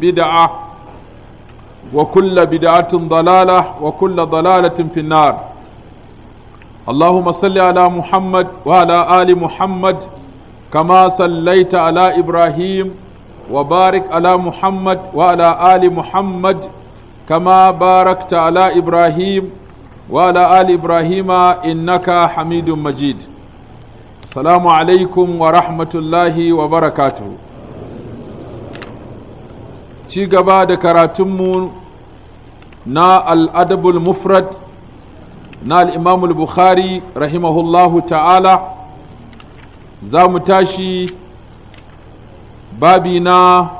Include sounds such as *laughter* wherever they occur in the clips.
bid'a wa kulla bid'atin dalala wa kulla dalalatin fi nar Allahumma salli ala Muhammad wa ala ali Muhammad kama sallaita ala Ibrahim wa barik ala Muhammad wa ala ali Muhammad kama barakta ala Ibrahim wa ala ali Ibrahima innaka Hamidum Majid Salamu alaikum wa rahmatullahi wa barakatu. ci gaba da karatunmu na al'adabul mufrad na al'imamul bukhari rahimahullahu ta'ala za mu tashi babi na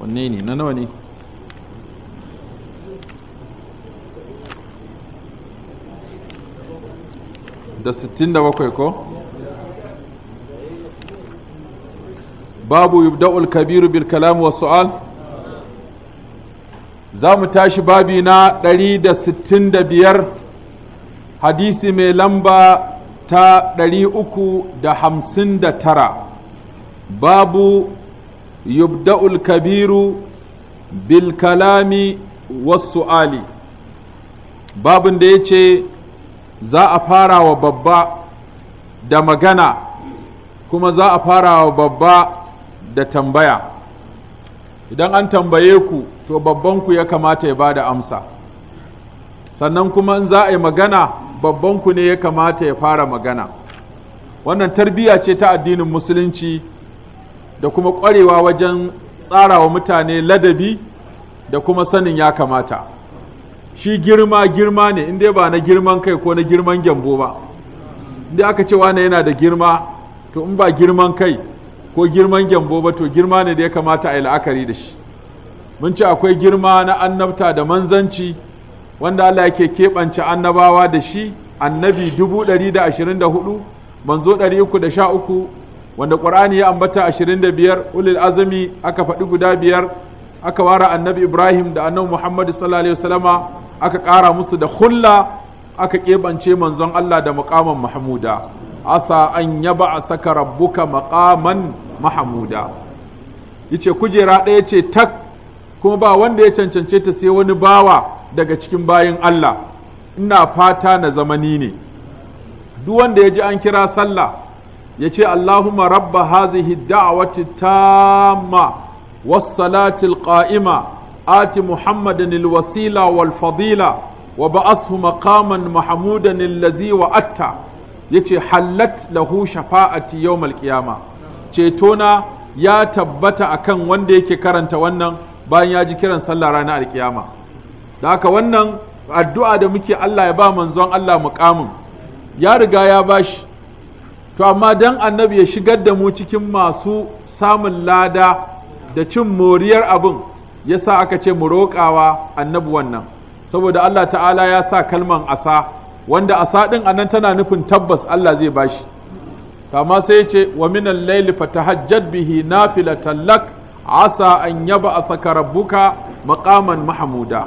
wanne ne na nawa ne da 67 ko? babu yubda'ul kabiru bil kalam wa su'al za mu tashi babi na 165 hadisi mai lamba ta 359 babu yubda'ul kabiru bil kalami wa su'ali babin da ya ce za a fara wa babba da magana kuma za a fara wa babba da tambaya idan an tambaye ku to babban ku ya kamata ya ba da amsa sannan kuma in za a yi magana babbanku ne ya kamata ya fara magana wannan tarbiyya ce ta addinin musulunci da kuma ƙwarewa wajen tsarawa mutane ladabi da kuma sanin ya kamata shi girma girma ne inda ba na girman kai ko na girman gyambo ba inda aka ce na yana da girma to in ba girman kai ko girman gyambo ba to girma ne da ya kamata a yi la'akari da shi mun ce akwai girma na annabta da manzanci wanda Allah yake keɓance annabawa da shi annabi dubu ɗari da ashirin da hudu manzo ɗari uku da sha uku wanda ƙur'ani ya ambata ashirin da biyar ulil azumi aka faɗi guda biyar aka ware annabi ibrahim da annabi muhammadu sallallahu alaihi aka ƙara musu da hulla aka keɓance manzon Allah da muƙaman mahmuda asa an yaba a saka rabbuka maƙaman mahamuda yace kujera ɗaya ce tak kuma ba wanda ya cancance ta sai wani bawa daga cikin bayin Allah ina fata na zamani ne duk wanda ya ji an kira sallah ya ce Allahumma rabba hazihi da'awati tamma wassalatil qa'ima ati muhammadan nilwasila wal fadila wa ba'ashu maqaman mahmudan allazi wa atta yace hallat lahu shafa'ati yawmal qiyamah ceto na ya tabbata a kan wanda yake karanta wannan bayan ya ji kiran sallah ranar alkiyama da haka wannan addu'a da muke Allah ya ba manzon Allah muƙamin ya riga ya bashi to amma dan annabi ya shigar da mu cikin masu samun lada da cin moriyar abin ya sa aka ce mu roƙawa annabi wannan saboda Allah ta'ala ya sa kalman asa wanda asa ɗin a nan tana nufin tabbas Allah zai ba shi. kama sai ce wa minan laili fatahajjad bihi nafilatan lak asa an yaba athaka rabbuka maqaman mahmuda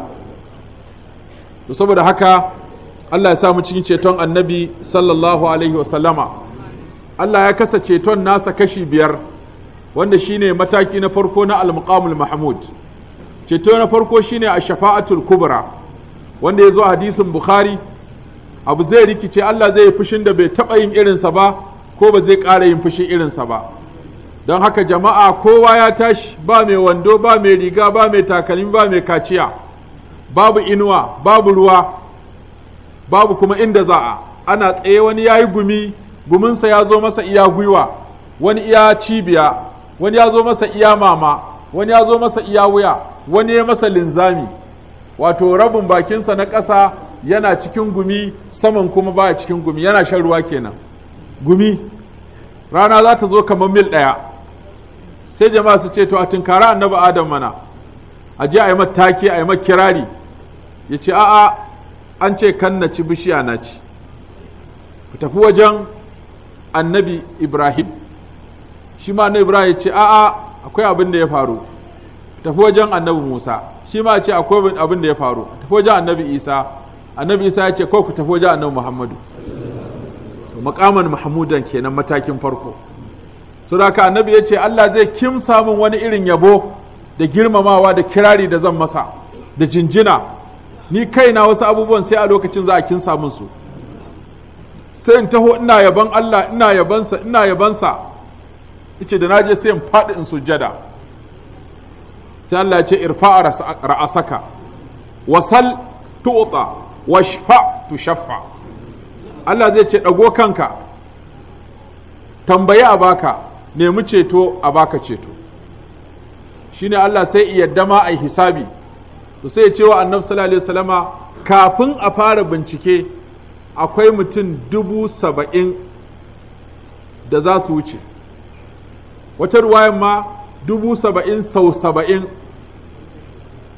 to saboda haka Allah ya samu cikin ceton annabi sallallahu alaihi wasallama Allah ya kasa ceton nasa kashi biyar wanda shine mataki na farko na al mahmud ceto na farko shine a shafa'atul kubra wanda ya zo a hadisin bukhari abu zai rikice Allah zai yi fushin da bai taɓa yin irinsa ba ko ba zai ƙara yin fushi irinsa ba don haka jama'a kowa ya tashi ba mai wando ba mai riga ba mai takalmi ba mai kaciya babu inuwa babu ruwa babu kuma inda za a ana tsaye wani ya yi gumi guminsa ya zo masa iya gwiwa wani iya cibiya wani ya zo masa iya mama wani ya zo masa iya wuya wani ya masa linzami wato rabin bakinsa na ƙasa yana cikin gumi saman kuma baya cikin gumi yana shan ruwa kenan gumi rana za ta zo kamar mil ɗaya sai jama'a su ce to a tunkara annabi adam mana a je a yi mataki a yi makirari ya ce a'a an ce kan na ci bishiya na ci ku tafi wajen annabi ibrahim shi ma na ibrahim ya ce a'a akwai abin da ya faru ku tafi wajen annabi musa shi ma ce akwai abin da ya faru ku tafi wajen annabi isa annabi isa ya ce ko ku tafi wajen annabi muhammadu makaman mahmudan kenan matakin farko Sadaka annabi ya ce Allah zai kimsa samun wani irin yabo da girmamawa da kirari da zan masa da jinjina ni kaina wasu abubuwan sai a lokacin za a kin samun su sai in taho ina yaban Allah ina yabansa ina yabansa ce da naje sai in faɗi in sujada sai Allah ya ce irfa ra'asaka wasal tu'ta washfa tushaffa Allah zai ce ɗago kanka tambayi a baka nemi ceto a baka ceto shine Allah sai yadda ma a hisabi to sai ya ce wa annabi sallallahu alaihi kafin a fara bincike akwai mutum dubu saba'in da za su wuce wata ruwayan ma dubu saba'in sau saba'in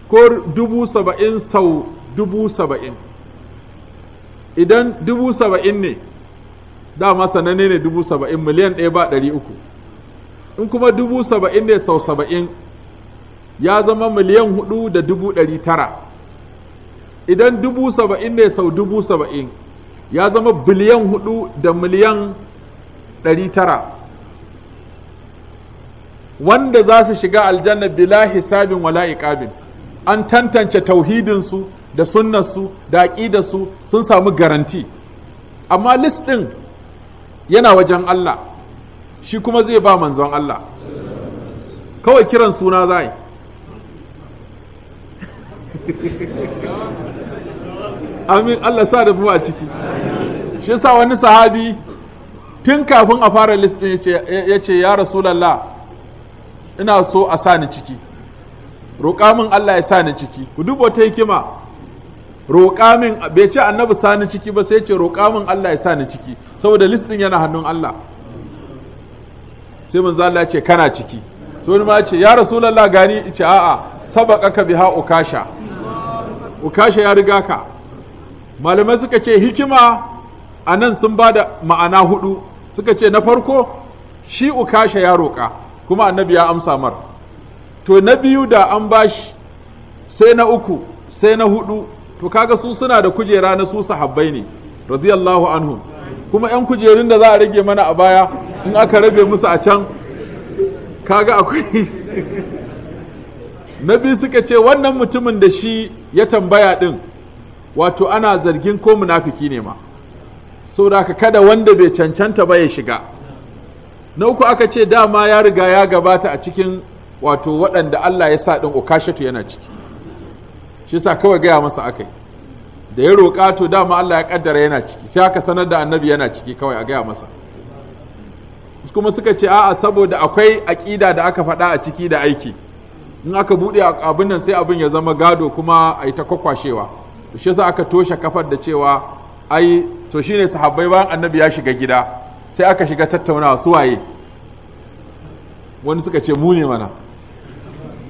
ko dubu saba'in sau dubu saba'in idan dubu saba'in ne dama sananne ne dubu saba'in miliyan ɗaya ba ɗari uku in kuma dubu saba'in ne sau saba'in ya zama miliyan hudu da dubu ɗari tara idan dubu saba'in ne sau dubu saba'in ya zama biliyan hudu da miliyan ɗari tara wanda za su shiga aljanna bila hisabin wala an tantance tauhidinsu da sunnarsu da aƙidarsu sun samu garanti amma ɗin yana wajen Allah shi kuma zai ba manzon Allah kawai kiran suna za *laughs* amin Allah sa da a ciki shi sa wani sahabi tun kafin a fara lis ɗin ya ce ya rasulallah ina so a sani ciki roƙa min Allah ya sa ni ciki ku duba ta hikima roƙa min bai ce annabi sani ciki ba sai ce roƙa min Allah ya sa ni ciki saboda listin din yana hannun Allah sai manzo Allah ce kana ciki so ni ma ce ya rasulullah gani ce a'a sabaqaka biha ukasha ukasha ya riga ka malamai suka ce hikima a nan sun ba da ma'ana hudu suka ce na farko shi ukasha ya roƙa kuma annabi ya amsa mar to na biyu da an bashi sai na uku sai na hudu to kaga su suna da kujera na su sahabbai ne radiyallahu anhu. kuma yan kujerun da za a rage mana a baya in aka rabe musu a can kaga akwai *laughs* na biyu suka ce wannan mutumin da shi ya tambaya din wato ana zargin ko munafiki ne ma ka kada wanda bai cancanta ba ya shiga na uku aka ce dama ya riga ya gabata a cikin wato waɗanda Allah ya sa ɗin okashatu yana ciki shi sa kawai gaya masa aka yi da ya roƙa to dama Allah ya kaddara yana ciki sai aka sanar da annabi yana ciki kawai a gaya masa kuma suka ce a'a saboda akwai aƙida da aka faɗa a ciki da aiki in aka buɗe abin nan sai abin ya zama gado kuma a yi ta kwakwashewa shi sa aka toshe kafar da cewa ai to shine sahabbai bayan annabi ya shiga gida sai aka shiga tattaunawa su waye wani suka ce mu ne mana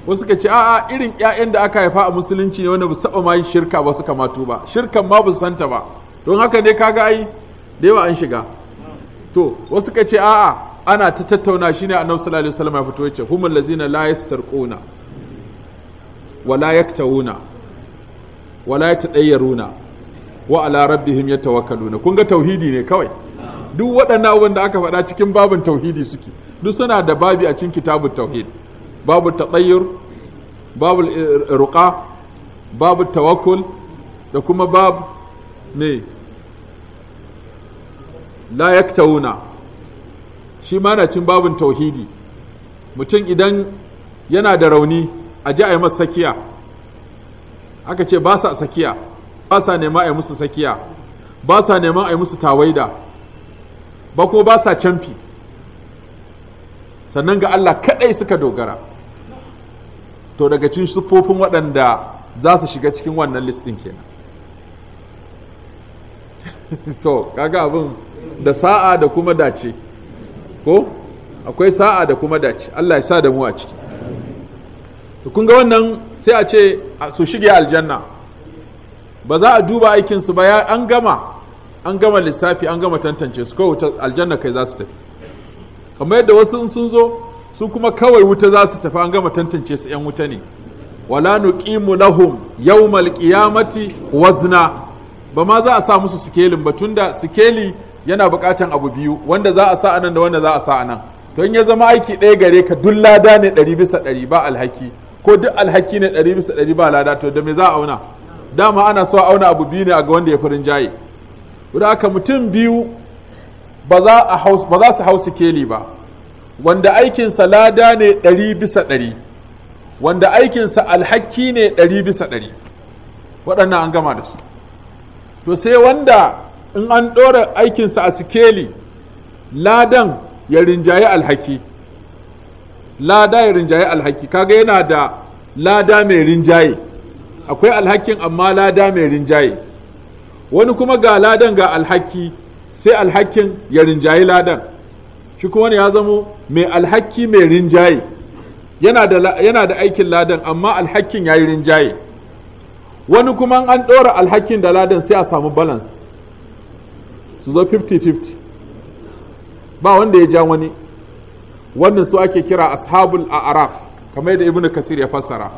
wasu ka ce a'a irin ƴaƴan da aka haifa a musulunci ne wanda ba su taɓa ma shirka ba su kamatu ba shirkan ma ba su santa ba don haka ne kaga ai da yawa an shiga to wasu ka ce a'a ana ta tattauna shine annabi sallallahu alaihi wasallam ya fito yace humul lazina la yastarquna wa la yaktawuna wa la yatadayyaruna wa ala rabbihim yatawakkaluna kun ga tauhidi ne kawai duk waɗannan abin da aka faɗa cikin babin tauhidi suke duk suna da babi a cikin kitabun tauhidi babu taɗayyur babu ruƙa babu tawakkul da kuma babu me la yaktauna shi ma na cin babin tauhidi mutum idan yana da rauni a ji a yi masa sakiya aka ce ba sa sakiya ba sa nema a yi musu sakiya ba sa nema a yi musu tawaida ba ko ba sa canfi sannan ga Allah kaɗai suka dogara to daga cin siffofin waɗanda za su shiga cikin wannan listin kenan *laughs* to kaga abin da sa'a da kuma dace ko akwai sa'a da kuma dace Allah ya sa da mu a ciki to kun ga wannan sai a ce su shige aljanna ba za a duba aikinsu ba ya an gama an gama lissafi an gama tantance su kowace aljanna kai za su tafi kamar yadda wasu sun zo su kuma kawai wuta za su tafi an gama tantance su ‘yan wuta ne wala nuqimu lahum yawmal qiyamati wazna ba ma za a sa musu sikelin ba tunda sikeli yana buƙatan abu biyu wanda za a sa anan da wanda za a sa anan to in ya zama aiki ɗaya gare ka duk lada ne ɗari bisa ɗari ba alhaki ko duk alhaki ne ɗari bisa ɗari ba lada to da me za a auna dama ana so a auna abu biyu ne a ga wanda ya farin jaye Da haka mutum biyu ba za su hau sikeli ba wanda aikinsa lada ne ɗari bisa ɗari wanda aikinsa alhaki ne ɗari bisa ɗari waɗannan an gama da su to sai wanda in an ɗora aikinsa a sikeli ladan ya rinjaye alhaki lada ya rinjaye alhaki kaga yana da lada mai rinjaye akwai alhakin amma lada mai rinjaye wani kuma ga ladan ga alhaki sai alhakin ya rinjaye ladan shi kuma ya zamo mai alhaki mai rinjaye yana da aikin ladan amma alhakin ya yi rinjaye wani kuma an ɗora alhakin da ladan sai a samu balance su zo 50-50 ba wanda ya ja wani wannan su ake kira ashabul a'raf kamar yadda Ibn kasir ya fassara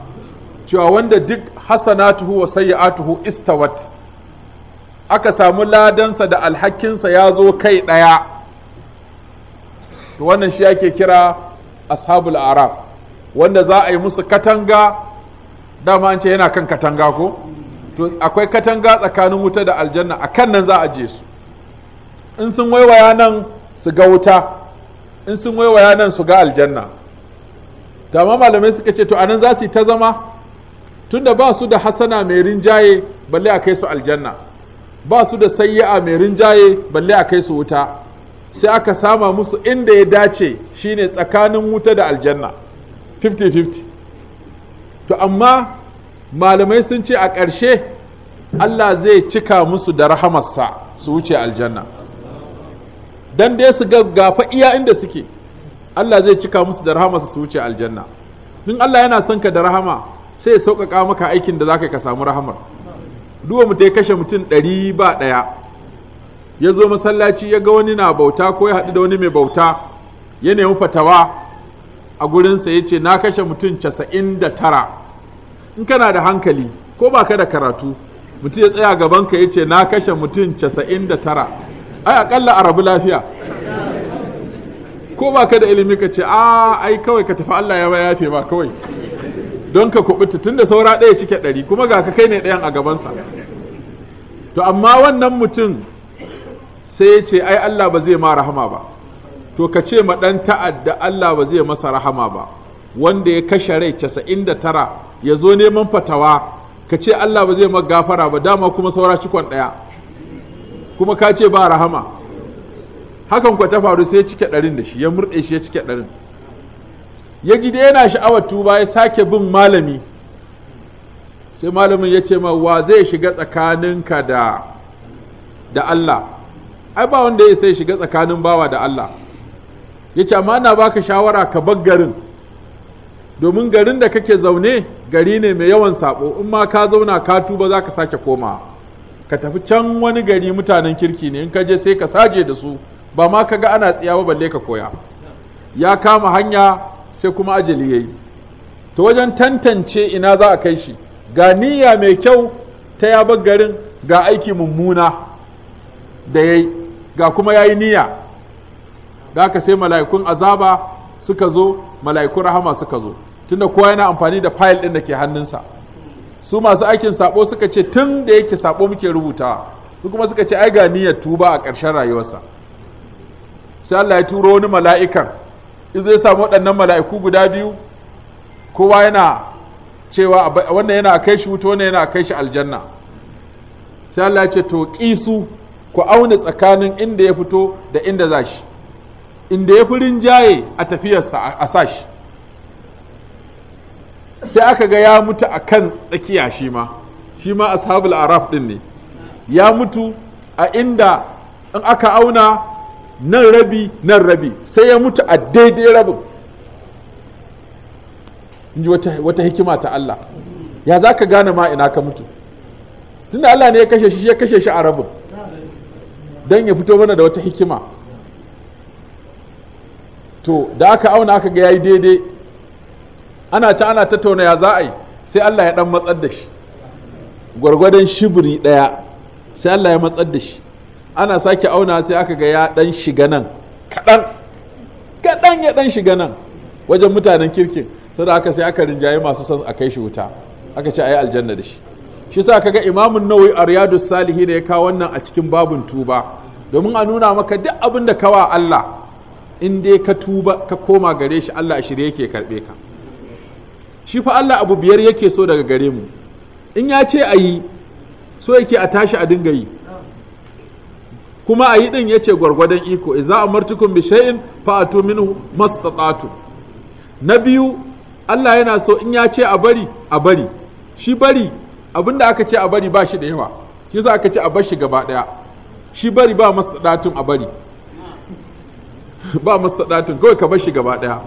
cewa wanda duk hasanatuhu wa tuhu istawat aka samu ladansa da alhakinsa ya zo kai ɗaya to wannan shi ake kira ashabul araf wanda za a yi musu katanga dama an ce yana kan katanga ko to akwai katanga tsakanin wuta da aljanna a kan nan za a je su in sun waiwaya nan su ga wuta in sun waiwaya nan su ga aljanna dama malamai suka ce to anan za su yi ta zama tunda ba su da hasana mai rinjaye balle a kai su aljanna ba su da sayya'a mai rinjaye balle a kai su wuta sai aka sama musu inda ya dace shine tsakanin wuta da aljanna 50-50 to amma malamai sun ce a ƙarshe Allah zai cika musu da rahamarsa su wuce aljanna don dai su gaggafa iya inda suke Allah zai cika musu da rahamarsa su wuce aljanna in Allah yana son ka da rahama sai ya sauƙaƙa maka aikin da za ka samu rahamar duwa mutai ta kashe mutum ɗari ba ɗaya ya zo masallaci ya ga wani na bauta ko ya haɗu da wani mai bauta ya nemi fatawa a gurinsa ya ce na kashe mutum casa'in da tara in kana da hankali ko ba ka da karatu mutum ya tsaya gaban ka ya ce na kashe mutum casa'in da tara ai akalla a rabu lafiya ko ba ka da ilimi ka ce a ai kawai ka tafi Allah ya yafe ba kawai don ka kubuta tun da saura ɗaya cike ɗari kuma ga ka kai ne ɗayan a gabansa to amma wannan mutum sai ya ce ai Allah ba zai ma rahama ba to ka ce ma dan ta'adda Allah ba zai masa rahama ba wanda ya kashe rai casa'in da tara ya zo neman fatawa ka ce Allah ba zai ma gafara ba dama kuma saura cikon daya kuma ka ce ba rahama hakan kwa ta faru sai ya cike ɗarin da shi ya murɗe shi ya cike ɗarin ya ji da yana sha'awar tuba ya sake bin malami sai malamin ya ce ma wa zai shiga tsakaninka da da Allah ai ba wanda ya sai shiga tsakanin bawa da Allah ya ce amma na baka shawara ka bar garin domin garin da kake zaune gari ne mai yawan sabo in ma ka zauna ka tuba za ka sake koma ka tafi can wani gari mutanen kirki ne in ka je sai ka saje da su ba ma ka ga ana tsiyawa balle ka koya ya kama hanya sai kuma ajali yayi to wajen tantance ina za a kai shi ga niyya mai kyau ta ya garin ga aiki mummuna da yayi ga kuma ya yi niyya da aka sai mala'ikun azaba suka zo mala'ikun rahama suka zo tunda kowa yana amfani da fayil ɗin da ke hannunsa su masu aikin sabo suka ce tun da yake sabo muke rubutawa su kuma suka ce ai ga niyyar tuba a ƙarshen rayuwarsa sai Allah ya turo wani mala'ikan izo ya samu waɗannan mala'iku guda biyu kowa yana cewa wannan yana kai shi wuta wannan yana kai shi aljanna sai Allah ya ce to ƙisu ku auna tsakanin inda ya fito da inda za shi inda ya fi rinjaye a tafiyarsa a sashi sai aka ga ya mutu a kan tsakiya shi ma shi ma ashabul araf din ne ya mutu a inda in aka auna nan rabi nan rabi sai ya mutu a daidai rabin in ji wata hikima ta Allah ya za ka gane ma ina ka mutu tunda Allah ne ya kashe shi ya kashe shi a rabin don ya fito mana da wata hikima to da aka auna aka ga yayi daidai ana ci ana tattauna ya za a yi sai Allah ya dan matsar da shi gwargwadon shibiri daya sai Allah ya matsar da shi ana sake auna sai aka ga ya dan shiga nan kadan kadan ya dan shiga nan wajen mutanen kirkin sai da aka sai aka rinjaye masu son a kai shi wuta aka ce a yi aljanna da shi shi sa kaga imamun nawawi a salihin salihi da ya kawo wannan a cikin babun tuba domin a nuna maka duk abin da kawa Allah in dai ka tuba ka koma gare shi Allah a shirye yake karbe ka shi fa Allah abu biyar yake so daga gare mu in ya ce a yi so yake a tashi a dinga yi kuma a yi din ya ce gwargwadon iko za a bi bishayin fa minu mastata'tu na biyu Allah yana so in ya ce a bari a bari shi bari abin da aka ce a bari ba shi da yawa shi za aka ce a bar shi gaba daya shi bari ba masa datin a bari ba masa datin kawai ka bashi gaba daya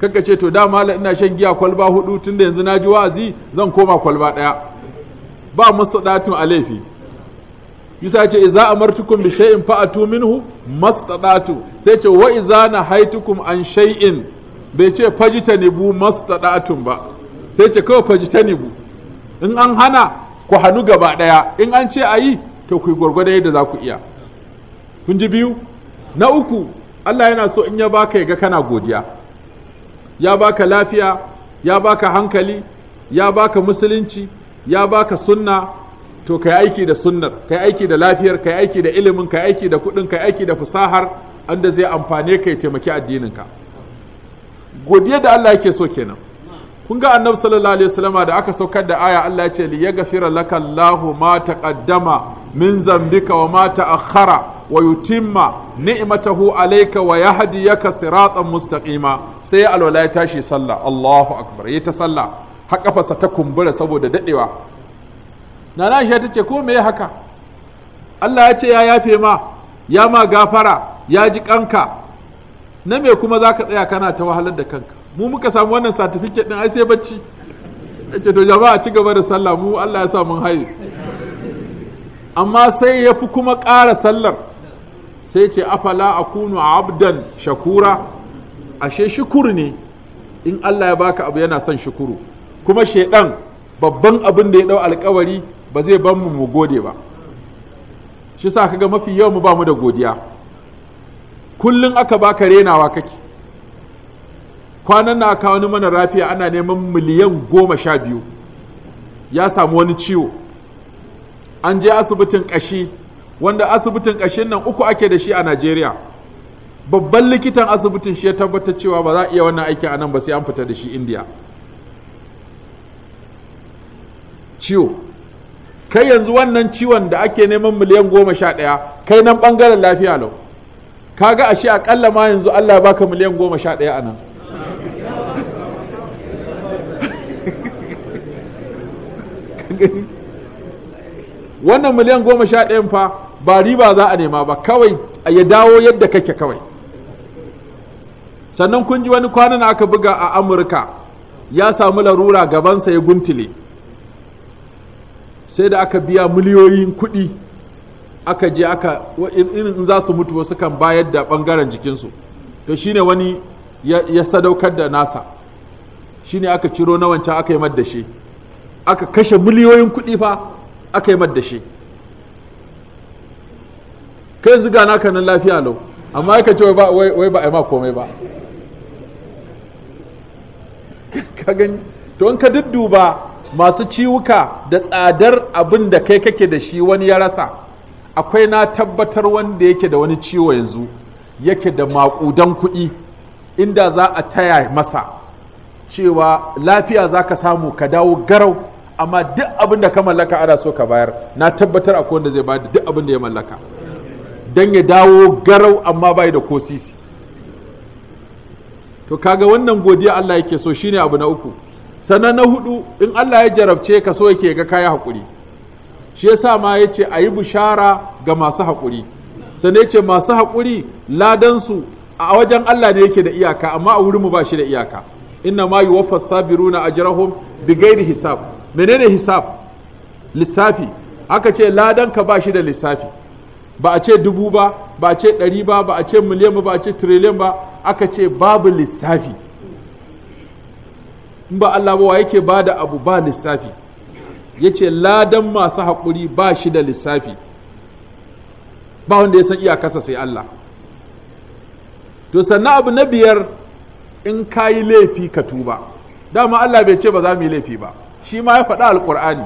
kaka ce to dama la ina shan giya kwalba hudu tun da yanzu na ji wa'azi zan koma kwalba daya ba masa datin a laifi yusa ce iza amartukum bi shay'in fa'atu minhu mastadatu sai ce wa iza nahaitukum an shay'in bai ce fajitanibu mastadatun ba sai ce kawai bu. in an hana ku hannu gaba daya in an ce a yi. to ku yi gwargwadon yadda za ku iya kun ji biyu na uku Allah yana so in ya baka ya ga kana godiya ya baka lafiya ya baka hankali ya baka musulunci ya baka sunna to kai aiki da sunnar kai aiki da lafiyar kai aiki da ilimin kai aiki da kudin kai aiki da fasahar anda zai amfane ka ya taimaki addininka godiya da Allah yake so kenan kun ga annabi sallallahu alaihi wasallama da aka saukar da aya Allah ya ce li yaghfira laka ma taqaddama min zambika wa mata akhara wa yutimma ni'matahu alayka wa yahdiyaka siratan mustaqima sai alwala ya tashi sallah Allahu akbar yayi ta sallah har kafarsa ta kumbura saboda dadewa nana Aisha tace ko me haka Allah ya ce ya yafe ma ya ma gafara ya ji kanka na me kuma zaka tsaya kana ta wahalar da kanka mu muka samu wannan certificate din ai sai bacci ake to jama'a ci gaba da sallah mu Allah ya sa mun haye amma sai ya fi kuma ƙara sallar sai ce afala a abdan shakura ashe shukuru ne in Allah ya baka abu yana son shukuru kuma shaidan babban abin da ya ɗau alkawari ba zai ban mu mu gode ba shi sa kaga mafi yawan mu ba mu da godiya kullum aka baka renawa kake kwanan na aka wani mana rafiya ana neman miliyan goma sha biyu ya samu wani ciwo an je asibitin ƙashi wanda asibitin ƙashin nan uku ake da shi a najeriya babban likitan asibitin shi ya tabbatar cewa ba za a iya wannan aiki a nan ba sai an fita da shi indiya ciwo kai yanzu wannan ciwon da ake neman miliyan goma sha ɗaya kai nan ɓangaren lafiya lau kaga ashe akalla ma yanzu allah baka miliyan goma sha ɗaya a nan you. *laughs* wannan miliyan goma sha ɗayan fa ba riba za a nema ba kawai a ya dawo yadda kake kawai sannan kun ji wani kwanan aka buga a amurka ya samu larura gabansa ya guntule sai da aka biya miliyoyin kuɗi aka je aka za su mutu wasu kan bayar da ɓangaren jikinsu to shine wani ya sadaukar da nasa shine aka ciro na wancan aka yi madda shi aka kashe miliyoyin kuɗi fa aka yi da shi kai ziga naka nan lafiya lau amma aka ce wai ba a yi ma komai ba *laughs* ka gani to in ka dudduba masu ciwuka da tsadar abin da kai kake da shi wani ya rasa akwai na tabbatar wanda yake da wani ciwo yanzu yake da maƙudan kuɗi inda za a taya masa cewa lafiya za ka samu ka dawo garau amma duk abin da ka mallaka ana so ka bayar na tabbatar akwai wanda zai bayar duk abin da ya mallaka don ya dawo garau amma bai da ko sisi to kaga wannan godiya Allah yake so shine abu na uku sannan na hudu in Allah ya jarabce ka so yake ga kaya hakuri shi yasa ma yace ayi bushara ga masu hakuri sannan yace masu hakuri ladan su a wajen Allah ne yake da iyaka amma a wurin mu ba shi da iyaka inna ma yuwaffas sabiruna ajrahum bighairi hisab menene hisab lissafi aka ce Ladan ka ba shi da lissafi ba a ce dubu ba ba a ce ɗari ba ba a ce miliyan ba ba a ce trillion ba aka ce babu lissafi in ba Allah ba yake ba da abu ba lissafi ya ce ladan masu haƙuri ba shi da lissafi ba wanda ya san iyakarsa sai Allah to sannan abu na biyar in kayi laifi ka tuba dama Allah bai ce ba za mu yi laifi ba shi ma ya faɗa alƙur'ani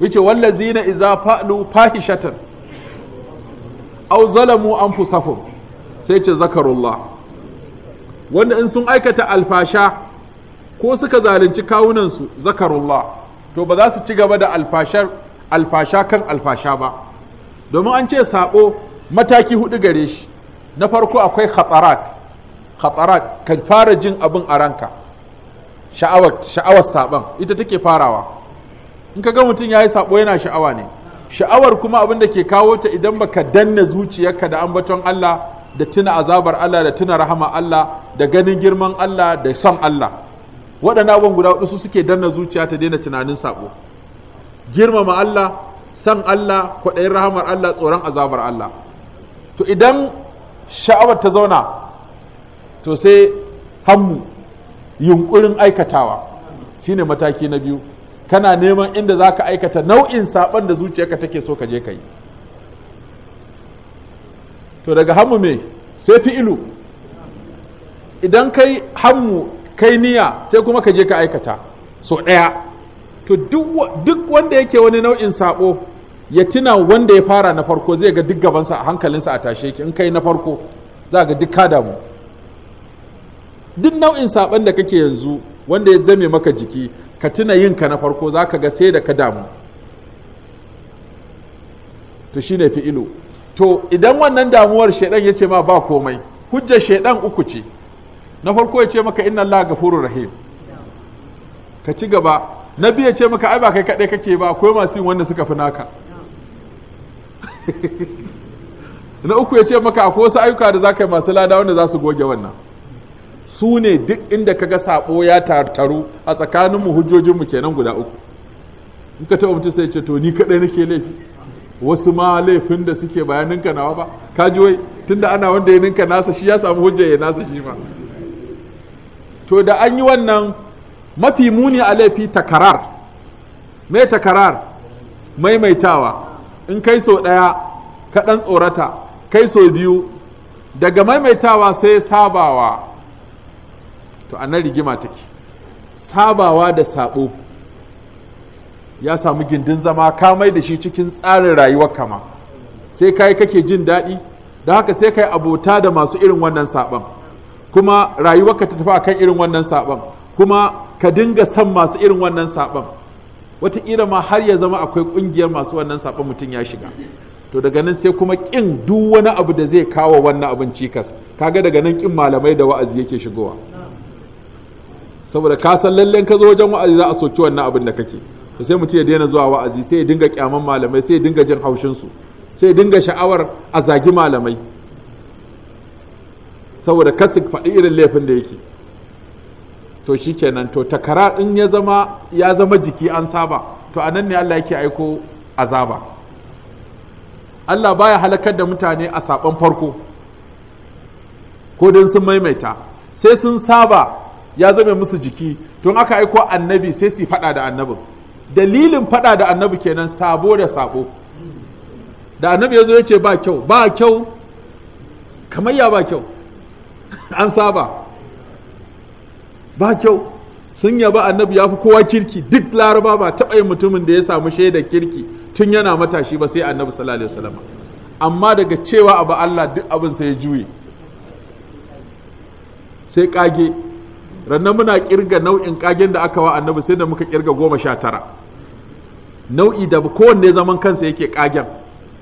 yace wallazina iza fa'lu fahishatan au zalamu anfusahum sai ce zakarullah wanda in sun aikata alfasha ko suka zalunci kawunansu zakarullah to ba za su ci gaba da alfashar alfasha kan alfasha ba domin an ce sabo mataki hudu gare shi na farko akwai khatarat khatarat kan fara jin abin a ranka sha'awar sha'awar saban ita take farawa in ka ga mutum ya yi sabo yana sha'awa ne sha'awar kuma abin da ke kawo ta idan baka danna zuciyarka da ambaton Allah da tuna azabar Allah da tuna rahama Allah da ganin girman Allah da son Allah waɗannan abubuwan guda hudu su suke danna zuciya ta daina tunanin sabo girmama Allah san Allah kwaɗayin rahamar Allah tsoron azabar Allah to idan sha'awar ta zauna to sai hammu yunkurin aikatawa shine mataki na biyu kana neman inda za ka aikata nau'in saɓon da zuciyarka take so ka je ka yi to daga hammu me sai fi ilu idan kai hammu kai niyya sai kuma ka je ka aikata so ɗaya to duk wanda yake wani nau'in saɓo ya tuna wanda ya fara na farko zai ga duk gabansa a hankalinsa a tashe ki in kai na farko za ga duk ka damu duk nau'in saban da kake yanzu wanda ya zame maka jiki ka tuna yin ka na farko za ka ga sai da ka damu to shine fi'ilu to idan wannan damuwar shaidan ya ce ma ba komai hujjar shaidan uku ce na farko ya ce maka inna Allah gafurur rahim ka ci gaba na biyu ya ce maka ai ba kai kaɗai kake ba akwai masu yin wanda suka fi naka *laughs* na uku ya ce maka akwai wasu ayyuka da za ka yi masu lada wanda za su goge wannan su ne duk inda kaga sabo ya tartaru a tsakanin mu hujjojin mu kenan guda uku in ka taɓa mutum sai ce to ni kadai nake laifi wasu ma laifin da suke ka nawa ba ka ji wai tunda ana wanda ya ninka nasa shi ya samu hujja ya nasa shi ma to da an yi wannan mafi muni a laifi takarar me takarar maimaitawa in kai so ɗaya ka ɗan tsorata kai so biyu daga maimaitawa sai sabawa to a nan rigima take sabawa da sabo ya samu gindin zama ka mai da shi cikin tsarin rayuwar kama sai kai kake jin daɗi da haka sai kai abota da masu irin wannan saban kuma rayuwarka ta tafi akan irin wannan saban kuma ka dinga san masu irin wannan saban wataƙila ma har ya zama akwai ƙungiyar masu wannan saban mutum ya shiga to daga nan sai kuma ƙin duk wani abu da zai kawo wannan abin cikas kaga daga nan ƙin malamai da wa'azi yake shigowa saboda ka san lallen ka zo wajen wa'azi za a soki wannan abin da kake to sai mutum ya daina zuwa wa'azi sai ya dinga kyaman malamai sai ya dinga jin haushin su sai ya dinga sha'awar a zagi malamai saboda kasik faɗi irin laifin da yake to shikenan to takara in ya zama ya zama jiki an saba to anan ne Allah yake aiko azaba Allah baya halakar da mutane a saban farko ko dan sun maimaita sai sun saba ya zame musu jiki tun aka aiko annabi sai su faɗa da annabin dalilin faɗa da annabi kenan sabo da sabo da annabi ya zo ya ce ba kyau ba kyau kamar ya ba kyau *laughs* an saba ba kyau sun yaba annabi ya fi kowa kirki duk laraba ba taɓa yin mutumin da ya samu shaidar kirki tun yana matashi ba sai annabi sallallahu alaihi amma daga cewa abu Allah duk abin sai ya juye sai kage rannan muna kirga nau'in kagen da aka wa annabi sai da muka kirga goma sha tara nau'i da kowanne zaman kansa yake kagen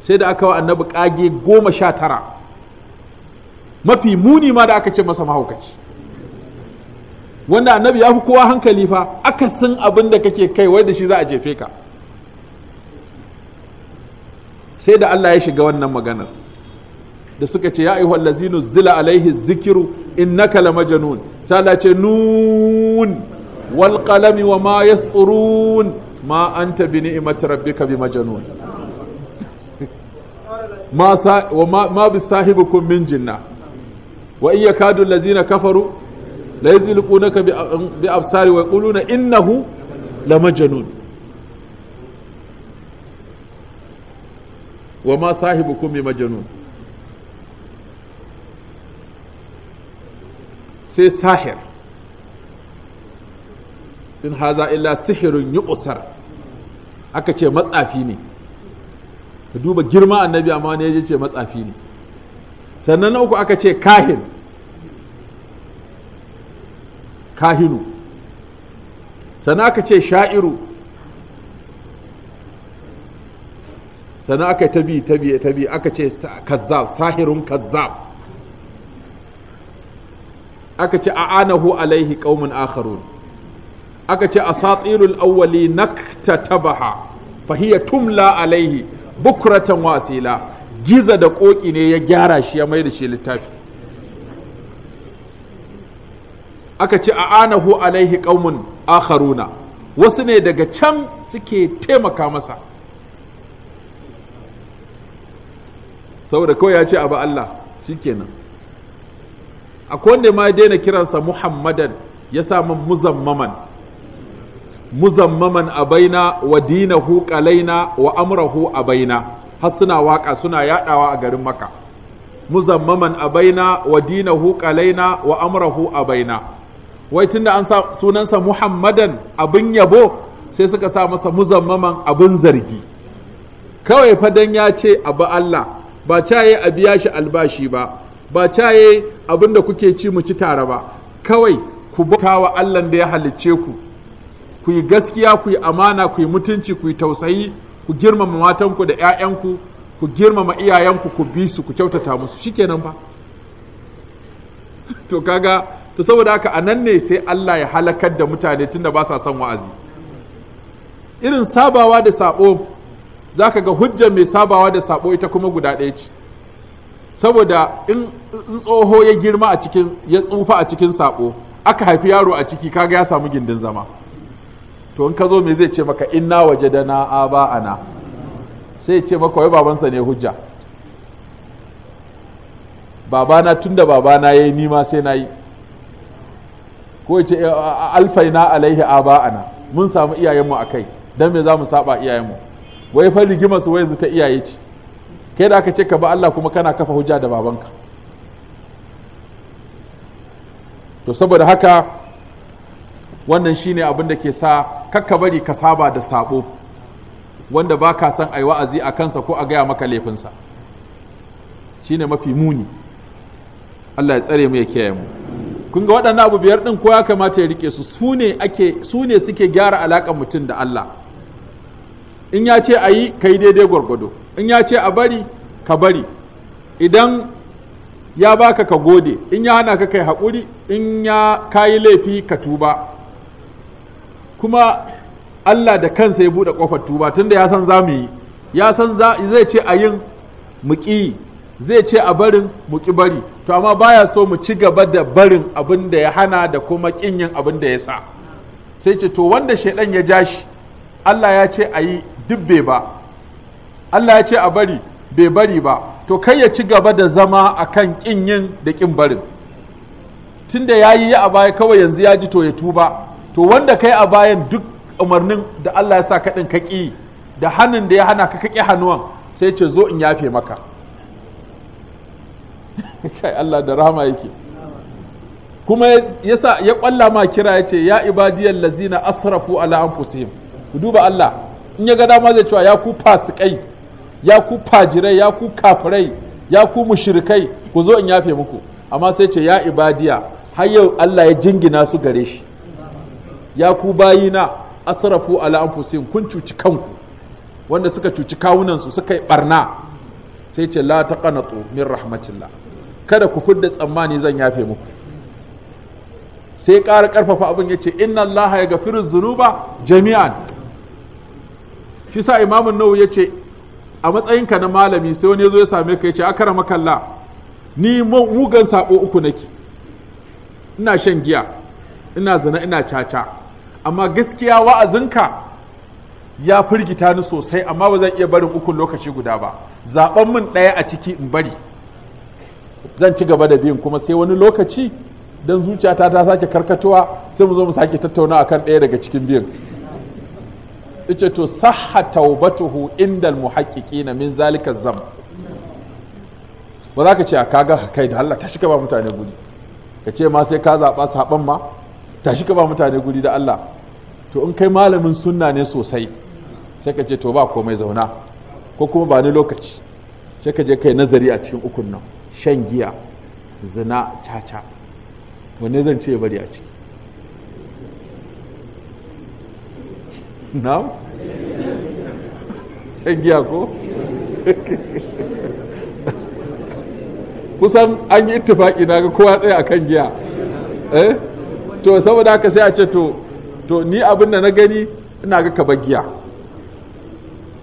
sai da aka wa annabi kage goma sha tara mafi muni ma da aka ce masa mahaukaci wanda annabi ya fi kowa hankali fa aka akasin abin da kake kai wai da shi za a jefe ka sai da Allah ya shiga wannan maganar da suka ce ya ayyuhal lazinu zila alaihi zikiru innaka la majnun sai Allah ce nun wal qalami wa ma yasturun ma anta bi ni'mati rabbika bi majnun *laughs* ma sa wa ma, ma bi sahibikum min jinna wa in yakadu allazina kafaru la yuzliqunaka bi, bi absari wa yaquluna innahu la majnun wa ma sahibukum bi majnun sai sahir in haza illa sihirin yi usar aka ce matsafi ne ka duba girma annabi amma ne ya ce matsafi ne sannan na uku aka ce kahin kahinu sannan aka ce sha'iru sannan aka tabi tabi tabi aka ce kazzab sahirun kazzab aka ce a'anahu alaihi qaumun akharun aka ce asatirul awwali naktatabaha hiya tumla alaihi bukratan wasila gizo giza da koki ne ya gyara shi ya mai da shi littafi aka ce a'anahu alaihi qaumun akharuna wasu ne daga can suke taimaka masa saboda kawai ya ce a abu Allah shikenan akwai wanda ma ya daina kiransa muhammadan ya samu muzammaman muzammaman a baina wa dinahu kalaina wa amrahu a baina har suna waka suna yadawa a garin maka muzammaman a baina wa dinahu kalaina wa amrahu a baina wai tunda an sa sunansa muhammadan abin yabo sai suka sa masa muzammaman abin zargi kawai fadan ya ce abu Allah ba yi a biya shi albashi ba ba caye abin da kuke ci mu ci tare ba kawai ku bauta wa Allah da ya halicce ku ku yi gaskiya ku yi amana ku yi mutunci ku yi tausayi ku girmama matanku da 'ya'yanku ku girmama iyayenku ku bi su ku kyautata musu shikenan fa *laughs* to kaga to saboda haka a nan ne sai Allah ya halakar da mutane tunda ba sa son wa'azi irin sabawa da sabo zaka ga hujja mai sabawa da sabo ita kuma guda ɗaya ce saboda in tsoho ya girma a cikin ya tsufa a cikin sako aka haifi yaro a ciki kaga ya samu gindin zama to in ka zo me zai ce maka inna wajadana aba ana sai ce maka wai babansa ne hujja babana tun da babana ya yi nima sai na yi ko ce eh, alfaina alaihi aba ana mun samu iyayenmu a kai don me za mu saba iyayenmu wai fa rigima su wai ta iyaye ce kai da aka ce ka ba Allah kuma kana kafa hujja da babanka to saboda haka wannan shine abin da ke sa kakka bari ka saba da sabo wanda ba ka san aiwa wa'azi a kansa ko a gaya maka laifinsa shine mafi muni Allah ya tsare mu ya kiyaye mu kun ga waɗannan abu biyar ɗin ko ya kamata ya rike su su ne ake su ne suke gyara alaƙar mutum da Allah in ya ce a yi ka yi daidai gwargwado in ya ce a bari ka bari idan ya baka ka gode in ya hana ka kai haƙuri in ya kayi laifi ka tuba kuma Allah da kansa ya buɗe ƙofar tuba tunda ya san za mu yi ya san zai ce a yin muƙi zai ce a barin muƙi bari to amma baya so mu ci gaba da barin abin da ya hana da kuma ƙin yin abin da ya sa sai ce to wanda shaidan ya ja shi Allah ya ce a yi dubbe ba Allah ya ce a bari bai bari ba to kai ya ci gaba da zama akan kin yin da kin barin tun da ya yi ya a baya kawai yanzu ya ji to ya tuba to wanda kai a bayan duk umarnin da Allah ya sa ka ɗin ka da hannun da ya hana ka kaƙi hannuwan sai ce zo in yafe maka *laughs* kai Allah da rahama yake kuma yasa ya ƙwalla ma kira ya ce ya ibadiyar lazina asrafu ala anfusihim ku duba Allah in ya ga dama zai cewa ya ku fasikai ya ku fajirai ya ku kafirai ya ku ku zo in yafe muku amma sai ce ya ibadiya har yau Allah ya jingina su gare shi ya ku bayina asrafu ala anfusin kun cuci kanku wanda suka cuci kawunansu suka yi barna sai ce la taqanatu min rahmatillah kada ku fidda tsammani zan yafe muku sai ƙara ƙarfafa abin ya ce inna Allah ya gafiru zunuba jami'an Fisa sa imamun nau ya ce a matsayinka na malami sai wani ya zo ya same ka ya ce akara makalla ni mugan sako uku nake ina shan giya ina zina ina caca amma gaskiya wa'azinka ya firgita ni sosai amma ba zan iya barin uku lokaci guda ba zaben min ɗaya a ciki in bari zan ci gaba da biyun kuma sai wani lokaci don zuciyata ta sake karkatuwa sai mu zo mu sake tattauna akan ɗaya daga cikin biyun. ita to sahha taubatuhu indal na min zalika zam ba za ka ce a kaga kai da Allah tashi ka ba mutane guri ka ce ma sai ka zaɓa saɓan ma tashi ka ba mutane guri da Allah to in kai malamin sunna ne sosai sai ka ce to ba komai zauna ko kuma ba ni lokaci sai ka je kai nazari a cikin ukun nan shan giya zina caca wanne zan ce bari a ciki ko? kusan an yi ittifaki na ga kowa tsaye a kan giya eh to saboda haka sai a ce to to ni abin da na gani ina ga kaba giya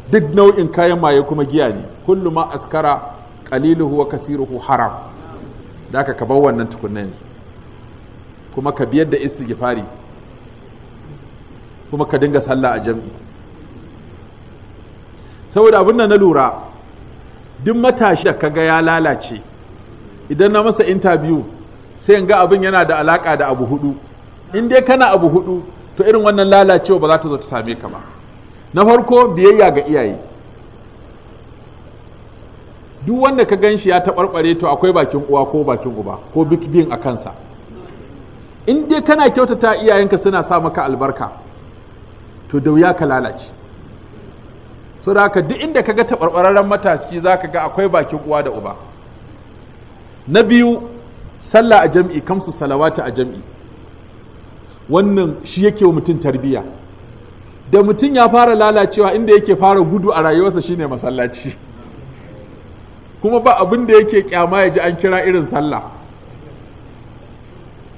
duk nau'in kayan maye kuma giya ne kullu ma askara ƙaliluhu, wa kasiruhu haram da ka kaba wannan tukunna kuma ka biyar da istighfari kuma ka dinga sallah a jam'i saboda abin da na lura duk matashi da kaga ya lalace idan na masa intabiyu sai in ga abin yana da alaka da abu hudu in dai kana abu hudu to irin wannan lalacewa ba za ta zo ta same ka ba na farko biyayya ga iyaye duk wanda ka ganshi ya taɓarɓare to akwai bakin uwa ko bakin uba ko bin a kansa in dai kana kyautata iyayenka suna sa maka albarka to da wuya ka lalace so da haka duk inda ka ga taɓarɓararren mataski za ga akwai bakin uwa da uba na biyu sallah a jam'i kamsu salawata a jam'i wannan shi yake wa mutum tarbiyya da mutum ya fara lalacewa inda yake fara gudu a rayuwarsa shine masallaci kuma ba abin da yake kyama ya ji an kira irin sallah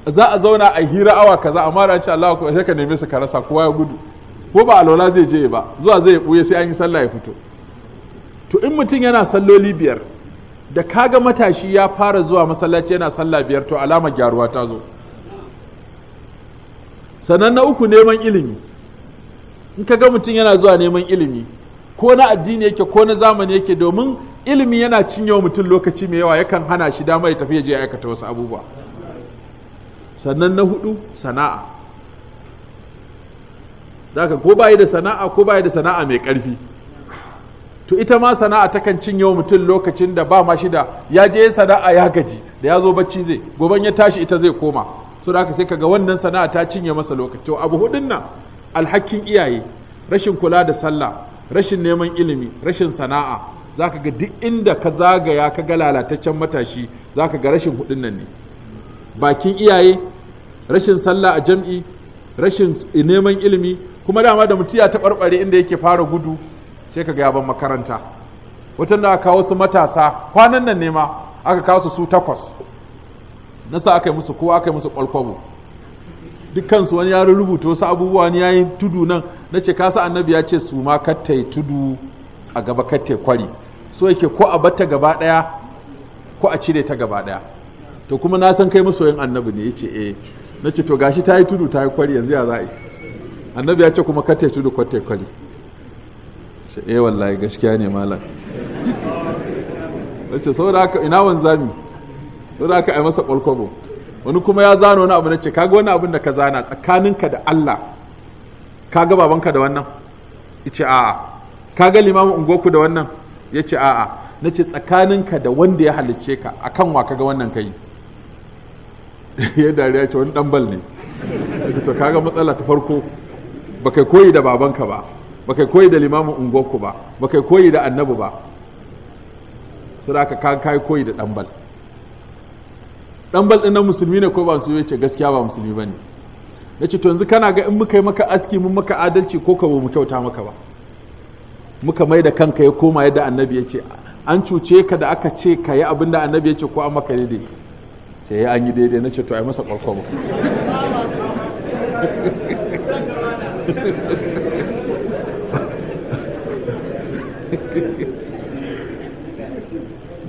za a zauna a hira awa kaza amma da Allah sai ka neme su ka rasa kowa ya gudu ko ba alwala zai je ba zuwa zai buye sai an yi sallah ya fito to in mutum yana salloli biyar da kaga matashi ya fara zuwa masallaci yana sallah biyar to alama gyaruwa ta zo sannan na uku neman ilimi in ka ga mutum yana zuwa neman ilimi ko na addini yake ko na zamani yake domin ilimi yana cinye wa mutum lokaci mai yawa yakan hana shi dama ya tafi ya je aikata wasu abubuwa sannan na hudu sana'a zaka ko bayi da sana'a ko bayi da sana'a mai karfi to ita ma sana'a ta kan cinye mutum lokacin da ba ma shi da ya je sana'a ya gaji da ya zo bacci zai goban ya tashi ita zai koma so da haka sai kaga wannan sana'a ta cinye masa lokaci to abu hudun nan alhakin iyaye rashin kula da sallah rashin neman ilimi rashin sana'a zaka ga duk inda ka zagaya ka ga lalataccen matashi zaka ga rashin hudun nan ne bakin iyaye rashin sallah a jam'i rashin neman ilimi kuma dama da mutum ya taɓarɓare inda yake fara gudu sai ka ga ban makaranta Wata da aka kawo su matasa kwanan nan ne ma aka kawo su su takwas sa aka yi musu kowa aka yi musu kwalkwabo dukkansu wani ya rubuta wasu abubuwa ni ya yi tudu nan na ce kasa annabi ya ce su ma kattai tudu a gaba kattai kwari so yake ko a batta gaba ɗaya, ko a cire ta gaba ɗaya. to kuma na san kai masoyin annabi ne ya ce eh na ce to gashi ta yi tudu ta yi kwari yanzu ya za a yi annabi ya ce kuma kate tudu kwate kwali ce eh wallahi gaskiya ne malam nace saboda haka ina wanzami saboda haka ai masa kwalkwabo wani kuma ya zano wani abu na ce kaga wani abin da ka zana tsakaninka da Allah kaga babanka da wannan ce a'a kaga limamin ungoku da wannan ce a'a Na ce tsakaninka da wanda ya halicce ka akan wa kaga wannan kai *laughs* ya dariya ce wani ɗanbal ne to kaga matsala ta farko baka koyi da babanka ba baka koyi da limamin unguwarku ba baka koyi da annabu ba saboda ka kai koyi da ɗanbal ɗanbal ɗin na musulmi ne ko ba musulmi ce gaskiya ba musulmi ba ne na ce to yanzu kana ga in muka yi maka aski mun maka adalci ko ka mu kyauta maka ba muka mai da kanka ya koma yadda annabi ya ce an cuce ka da aka ce ka yi abin da annabi ya ce ko an maka daidai sai eh, an yi daidai na ce to ai masa kwarkwabo *laughs* *laughs*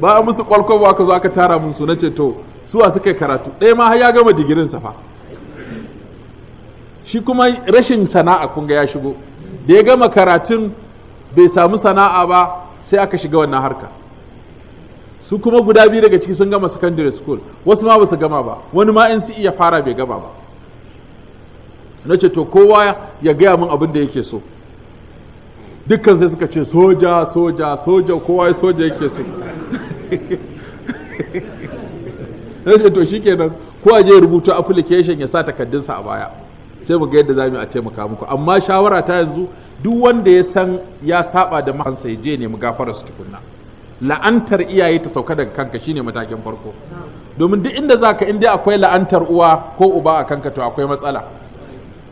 ba musu kwalkwabo aka zo aka tara musu na ce to suwa suka karatu ɗaya ma ya gama digirin safa shi kuma rashin sana'a kunga ya shigo da ya gama karatun bai samu sana'a ba sai aka shiga wannan harka su kuma guda biyu daga ciki sun gama secondary school wasu ma ba su gama ba wani ma in su iya e fara bai gama ba na ce to kowa ya gaya min abin da yake so dukkan sai suka ce soja soja soja kowa ya soja yake so na ce to shi kenan kowa je rubuta application ya sa takaddunsa a baya sai mu ga yadda za mu a taimaka muku amma shawara ta yanzu duk wanda ya san ya saba da mahansa ya je ne mu gafara su tukunna la'antar iyaye ta sauka daga kanka shine matakin farko domin duk inda zaka in akwai la'antar uwa ko uba a kanka to akwai matsala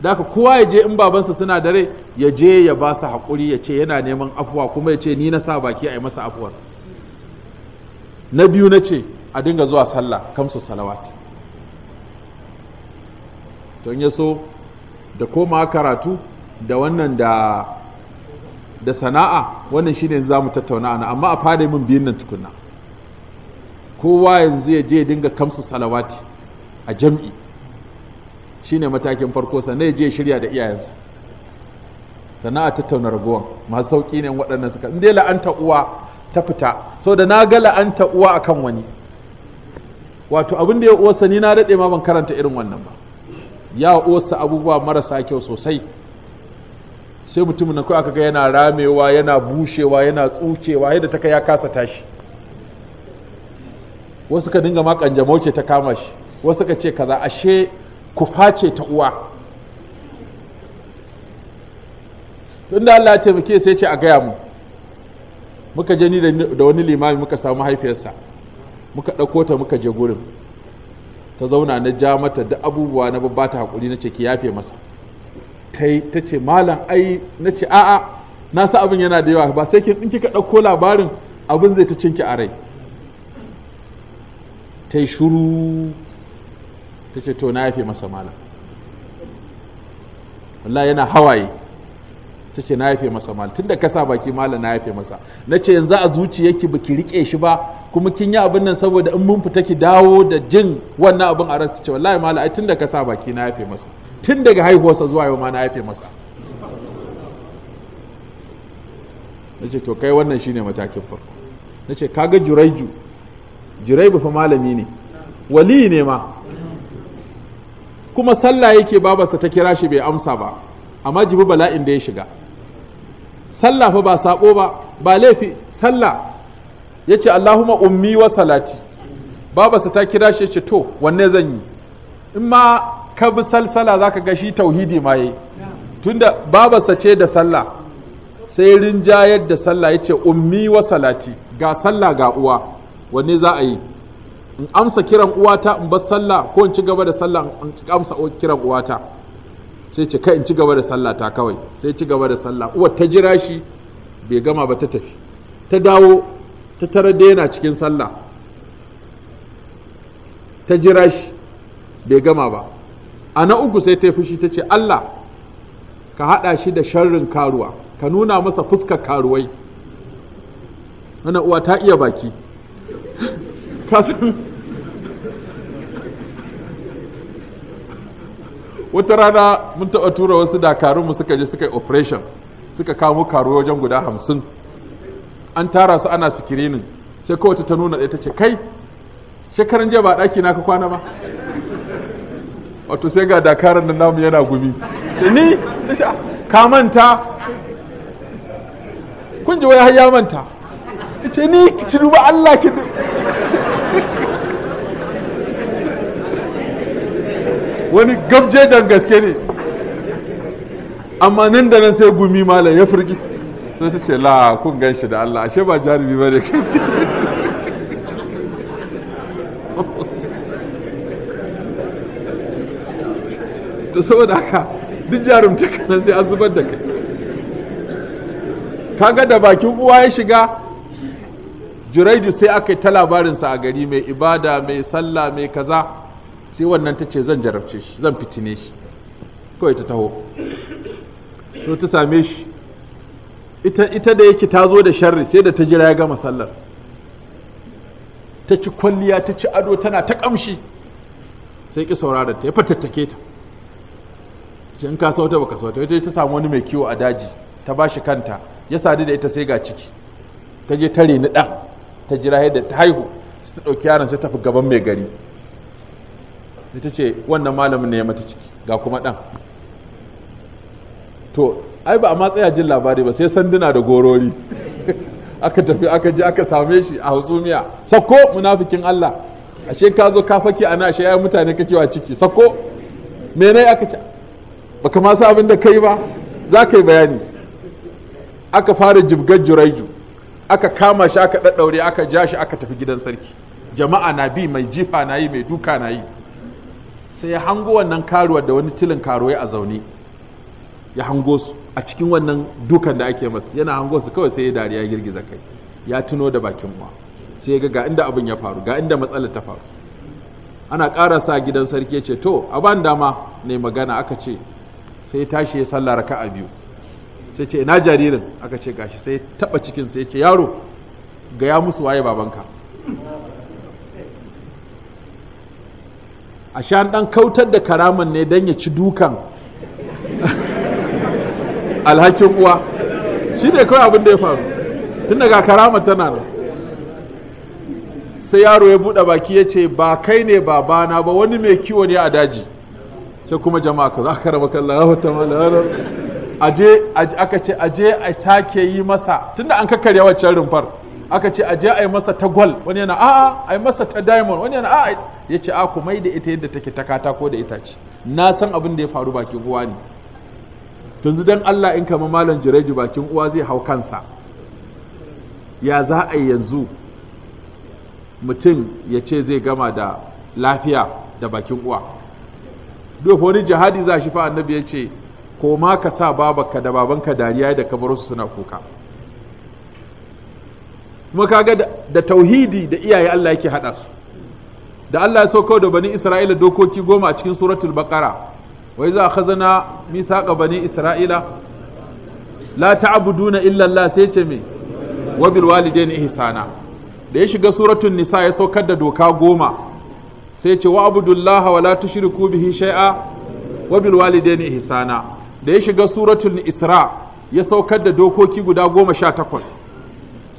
da haka kowa ya je in babansa suna da rai ya je ya ba su haƙuri ya ce yana neman afuwa kuma ya ce ni na sa baki a yi masa afuwar na biyu na ce a dinga zuwa sallah kamsu salawat don ya so da koma karatu da wannan da da sana'a wannan shine za mu tattauna ana amma a fara min biyun nan tukunna kowa yanzu ya je ya dinga kamsu salawati a jam'i shine matakin farko sannan je shirya da iyayensa sannan a tattauna raguwan masu sauƙi ne waɗannan suka inda la'anta uwa ta fita so da na ga la'anta uwa a kan wani wato abin da ya uwarsa ni na daɗe ma ban karanta irin wannan ba ya osa abubuwa marasa kyau sosai sai mutum na kawai aka ga yana ramewa yana bushewa yana tsukewa yadda ta kai ya kasa tashi wasu ka dinga ma kanjamau ce ta kama shi wasu ka ce kaza ashe ku face ta uwa tunda Allah ya taimake sai ce a gaya mu muka je ni da wani limami muka samu haifiyarsa muka ɗauko ta muka je gurin ta zauna na ja mata da abubuwa na babba ta haƙuri na ce ki yafe masa ta ce malam ai na ce a'a na sa abin yana da yawa ba sai kin kika ɗauko labarin abin zai ta cinki a rai ta yi shuru ta ce to na yafe masa malam wallahi yana hawaye ta ce na yafe masa malam da ka sa baki malam na yafe masa na ce yanzu a zuciyarki baki rike shi ba kuma kin yi abin nan saboda in mun fita ki dawo da jin wannan abin a rasta ce wallahi malam ai da ka sa baki na yafe masa tun daga haihuwarsa zuwa yau ma na yafe masa na ce to kai wannan shine matakin farko na ce kaga juraiju juraibu fa malami ne wali ne ma kuma sallah yake babarsa ta kira shi bai amsa ba amma jibi bala'in da ya shiga sallah fa ba saƙo ba ba laifi sallah ya ce Allahuma ummi wa salati babarsa ta kira shi ce to wanne zan yi in ma ka bi salsala za ka gashi tauhidi ma yi tunda babarsa ce da sallah sai rinjayar da sallah ya ce ummi wa salati ga sallah ga uwa wanne za a yi in amsa kiran uwata in bar sallah ko in ci gaba da sallah in amsa kiran uwata sai ce kai in ci gaba da sallah ta kawai sai ci gaba da sallah uwar ta jira shi bai gama ba ta tafi ta dawo ta tara daina cikin sallah ta jira shi bai gama ba a na uku sai ta fushi ta ce Allah ka haɗa shi da sharrin karuwa ka nuna masa fuskar karuwai mana uwa ta iya baki kasan wata rana mun taɓa tura wasu dakarunmu suka je suka yi operation suka kamo karuwa wajen guda hamsin an tara su ana sikirinin sai kawai ta nuna ɗaya ta ce kai shekaran jiya ba ɗaki na ka kwana ba wato sai ga dakarar da namu yana gumi ce ni ah, ka manta kun ji wai har ya manta ce ni ki ci duba Allah ki wani gabjejan gaske ne amma nan da nan sai gumi malam ya firgi sai ta ce la kun gan shi da Allah ashe ba jarumi ba ne *laughs* to saboda haka duk jarumta kanan sai an zubar da kai kaga da bakin uwa ya shiga juraidu sai aka yi ta labarinsa a gari mai ibada mai sallah mai kaza sai wannan ta ce zan jarabce shi zan fitine shi kawai ta taho so ta same shi ita, da yake ta zo da sharri sai da ta jira ya gama sallar ta ci kwalliya ta ci ado tana ta kamshi sai ki saurara ta ya fatattake ta sai in ka sauta baka sauta ita ta samu wani mai kiwo a daji ta ba shi kanta ya sadu da ita sai ga ciki ta je tare ni ɗan ta jira yadda ta haihu sai ta ɗauki yaron sai ta fi gaban mai gari ita ce wannan malamin ne ya mata ciki ga kuma ɗan to ai ba a matsaya jin labari ba sai sanduna da gorori *laughs* aka tafi aka ji aka same shi a hasumiya sako munafikin Allah ashe ka zo ka fake ana ashe ai mutane kake ciki sako mene aka ci baka ma sa abin da kai ba za ka yi bayani aka fara jibgar juraiju aka kama shi aka ɗaɗɗaure aka ja shi aka tafi gidan sarki jama'a na bi mai jifa na yi mai duka na yi sai ya hango wannan karuwar da wani tilin karuwai a zaune ya hango su a cikin wannan dukan da ake masu yana hango su kawai sai ya dariya ya girgiza kai ya tuno da bakin ma sai ya ga ga inda abin ya faru ga inda matsalar ta faru ana ƙara sa gidan sarki ce to a ban dama ne magana aka ce sai tashi ya ka a biyu sai ce ina jaririn aka ce gashi sai taba cikin sai ce yaro ga ya musu waye babanka a shan ɗan kautar da karaman ne don ya ci dukan alhakin uwa shi ne kawai abin da ya faru tun daga karama tana nan sai yaro ya buɗe baki ya ce ba kai ne babana ba wani mai kiwo ne a daji sai kuma jama'a ka za ka raba kallon ta aje aka ce aje a sake yi masa tunda an kakkarya waccan rumfar aka ce a je a yi masa ta gwal wani yana a'a a yi masa ta diamond wani yana a'a ya ce a ku mai da ita yadda take ta katako da itace na san abin da ya faru bakin uwa ne yanzu dan Allah in kama malam jireji bakin uwa zai hau kansa ya za a yanzu mutum ya ce zai gama da lafiya da bakin uwa duk wani jihadi za shi fa annabi ya ce ko ma ka sa babanka da babanka dariya da ka bar su suna kuka kuma ka ga da tauhidi da iyaye Allah yake hada su da Allah ya sauko da bani Isra'ila dokoki goma a cikin suratul baqara za iza khazana mithaqa bani Isra'ila la ta'buduna illa Allah sai ce me wa bil walidaini ihsana da ya shiga suratul nisa ya saukar da doka goma sai ce wa abudullaha wa la tushriku bihi shay'a wa bil walidaini ihsana da ya shiga suratul isra ya saukar da dokoki guda goma sha takwas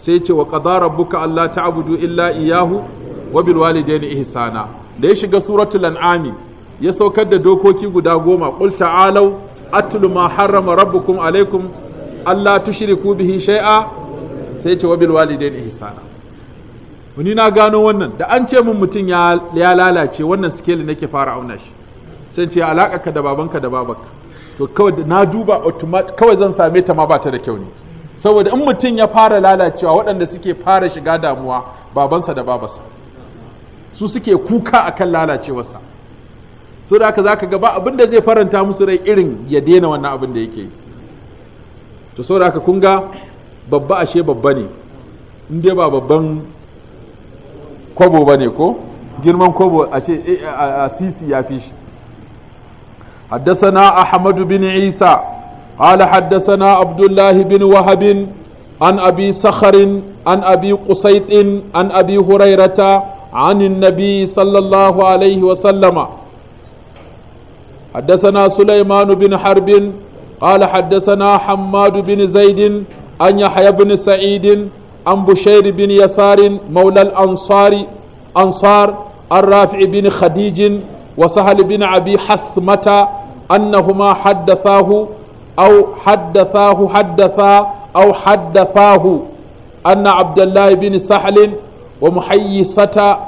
sai ce wa buka rabbuka ta abudu illa iyahu wa da walidayni ihsana da ya shiga suratul an'ami ya saukar da dokoki guda goma ƙul ta'alau atlu ma harrama rabbukum alaikum alla tushriku bihi shay'a sai ce wa da walidayni ihsana ni na gano wannan da an ce min mutum ya lalace wannan sikeli nake fara auna shi sai ce alaka ka da babanka da babanka to kawai na duba kawai zan same ta ma ba ta da kyau ne saboda in mutum ya fara lalacewa waɗanda suke fara shiga damuwa babansa da babasa su suke kuka akan lalacewarsa so da haka za ka gaba abin da zai faranta musu rai irin ya daina wannan abin da yake to so da haka kun ga babba ashe babba ne in dai ba babban kwabo ba ne ko girman kwabo a ce eh, a sisi ya fi shi na Ahmadu bin Isa. قال حدثنا عبد الله بن وهب عن أبي سخر عن أبي قسيط عن أبي هريرة عن النبي صلى الله عليه وسلم حدثنا سليمان بن حرب قال حدثنا حماد بن زيد عن يحيى بن سعيد عن بشير بن يسار مولى الأنصار أنصار الرافع بن خديج وسهل بن أبي حثمة أنهما حدثاه أو حدثاه حدثا أو حدثاه أن عبد الله بن سحل ومحيصة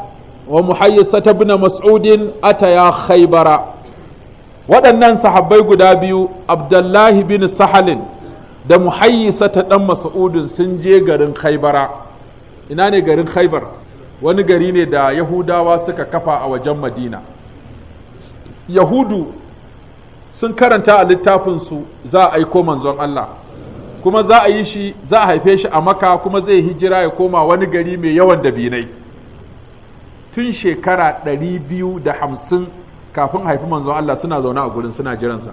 ومحيصة بن مسعود أتيا خيبر waɗannan sahabbai guda biyu abdullahi bin sahalin da muhayyisa ta ɗan masa'udin sun je garin khaibara ina ne garin khaibar wani gari ne da yahudawa suka kafa a wajen madina yahudu sun karanta a littafinsu za a aiko manzon Allah kuma za a yi shi za a haife shi a maka kuma zai hijira ya koma wani gari mai yawan dabinai tun shekara 250 kafin haifi manzon Allah suna zaune a gurin suna jiransa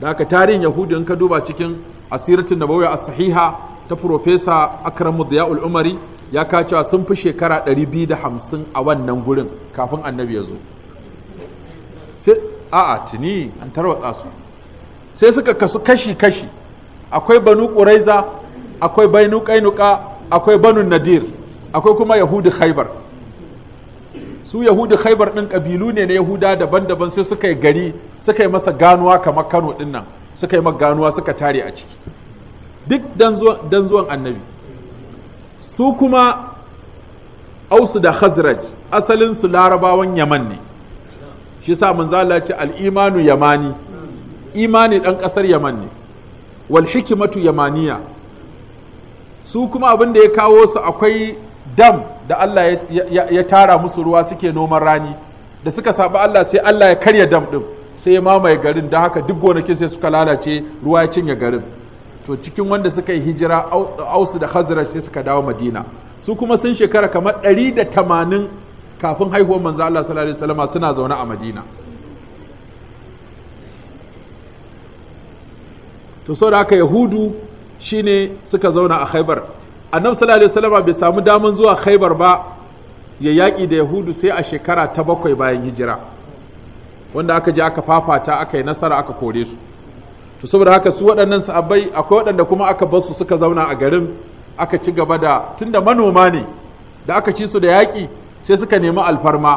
da aka tarihin yahudu in ka duba cikin asiratin nabawiya a sahiha ta profesa akramu diya'ul umari ya kacewa sun fi shekara 250 a wannan gurin kafin annabi ya zo a'a tuni an tarwatsa su sai suka kasu kashi-kashi akwai banu ƙuraiza akwai bainu ƙainuka akwai banu nadir akwai kuma yahudu khaibar su yahudu khaibar ɗin ƙabilu ne na yahuda daban-daban sai suka yi gari suka yi masa ganuwa kamar kano ɗin nan suka yi ganuwa suka tare a ciki duk dan zuwan annabi su kuma ausu da Hazraj, asalinsu larabawan yaman ne shi sa manzo Allah ce al-imanu yamani imani dan kasar yaman ne wal hikimatu yamaniya su kuma abin da ya kawo su akwai dam da Allah ya tara musu ruwa suke noman rani da suka saba Allah sai Allah ya karya dam ɗin sai ya mamaye garin da haka duk gonakin sai suka lalace ruwa ya cinye garin to cikin wanda suka yi hijira ausu da hazara sai suka dawo madina su kuma sun shekara kamar ɗari da tamanin kafin haihuwar manzo Allah sallallahu alaihi wasallam suna zaune a Madina to da haka yahudu shine suka zauna a Khaibar annabi sallallahu alaihi wasallam bai samu daman zuwa Khaibar ba ya yaƙi da yahudu sai a shekara ta bakwai bayan hijira wanda aka je aka fafata aka yi nasara aka kore su to saboda haka su waɗannan sahabbai akwai waɗanda kuma aka bar su suka zauna a garin aka ci gaba da tunda manoma ne da aka ci su da yaƙi sai suka nemi alfarma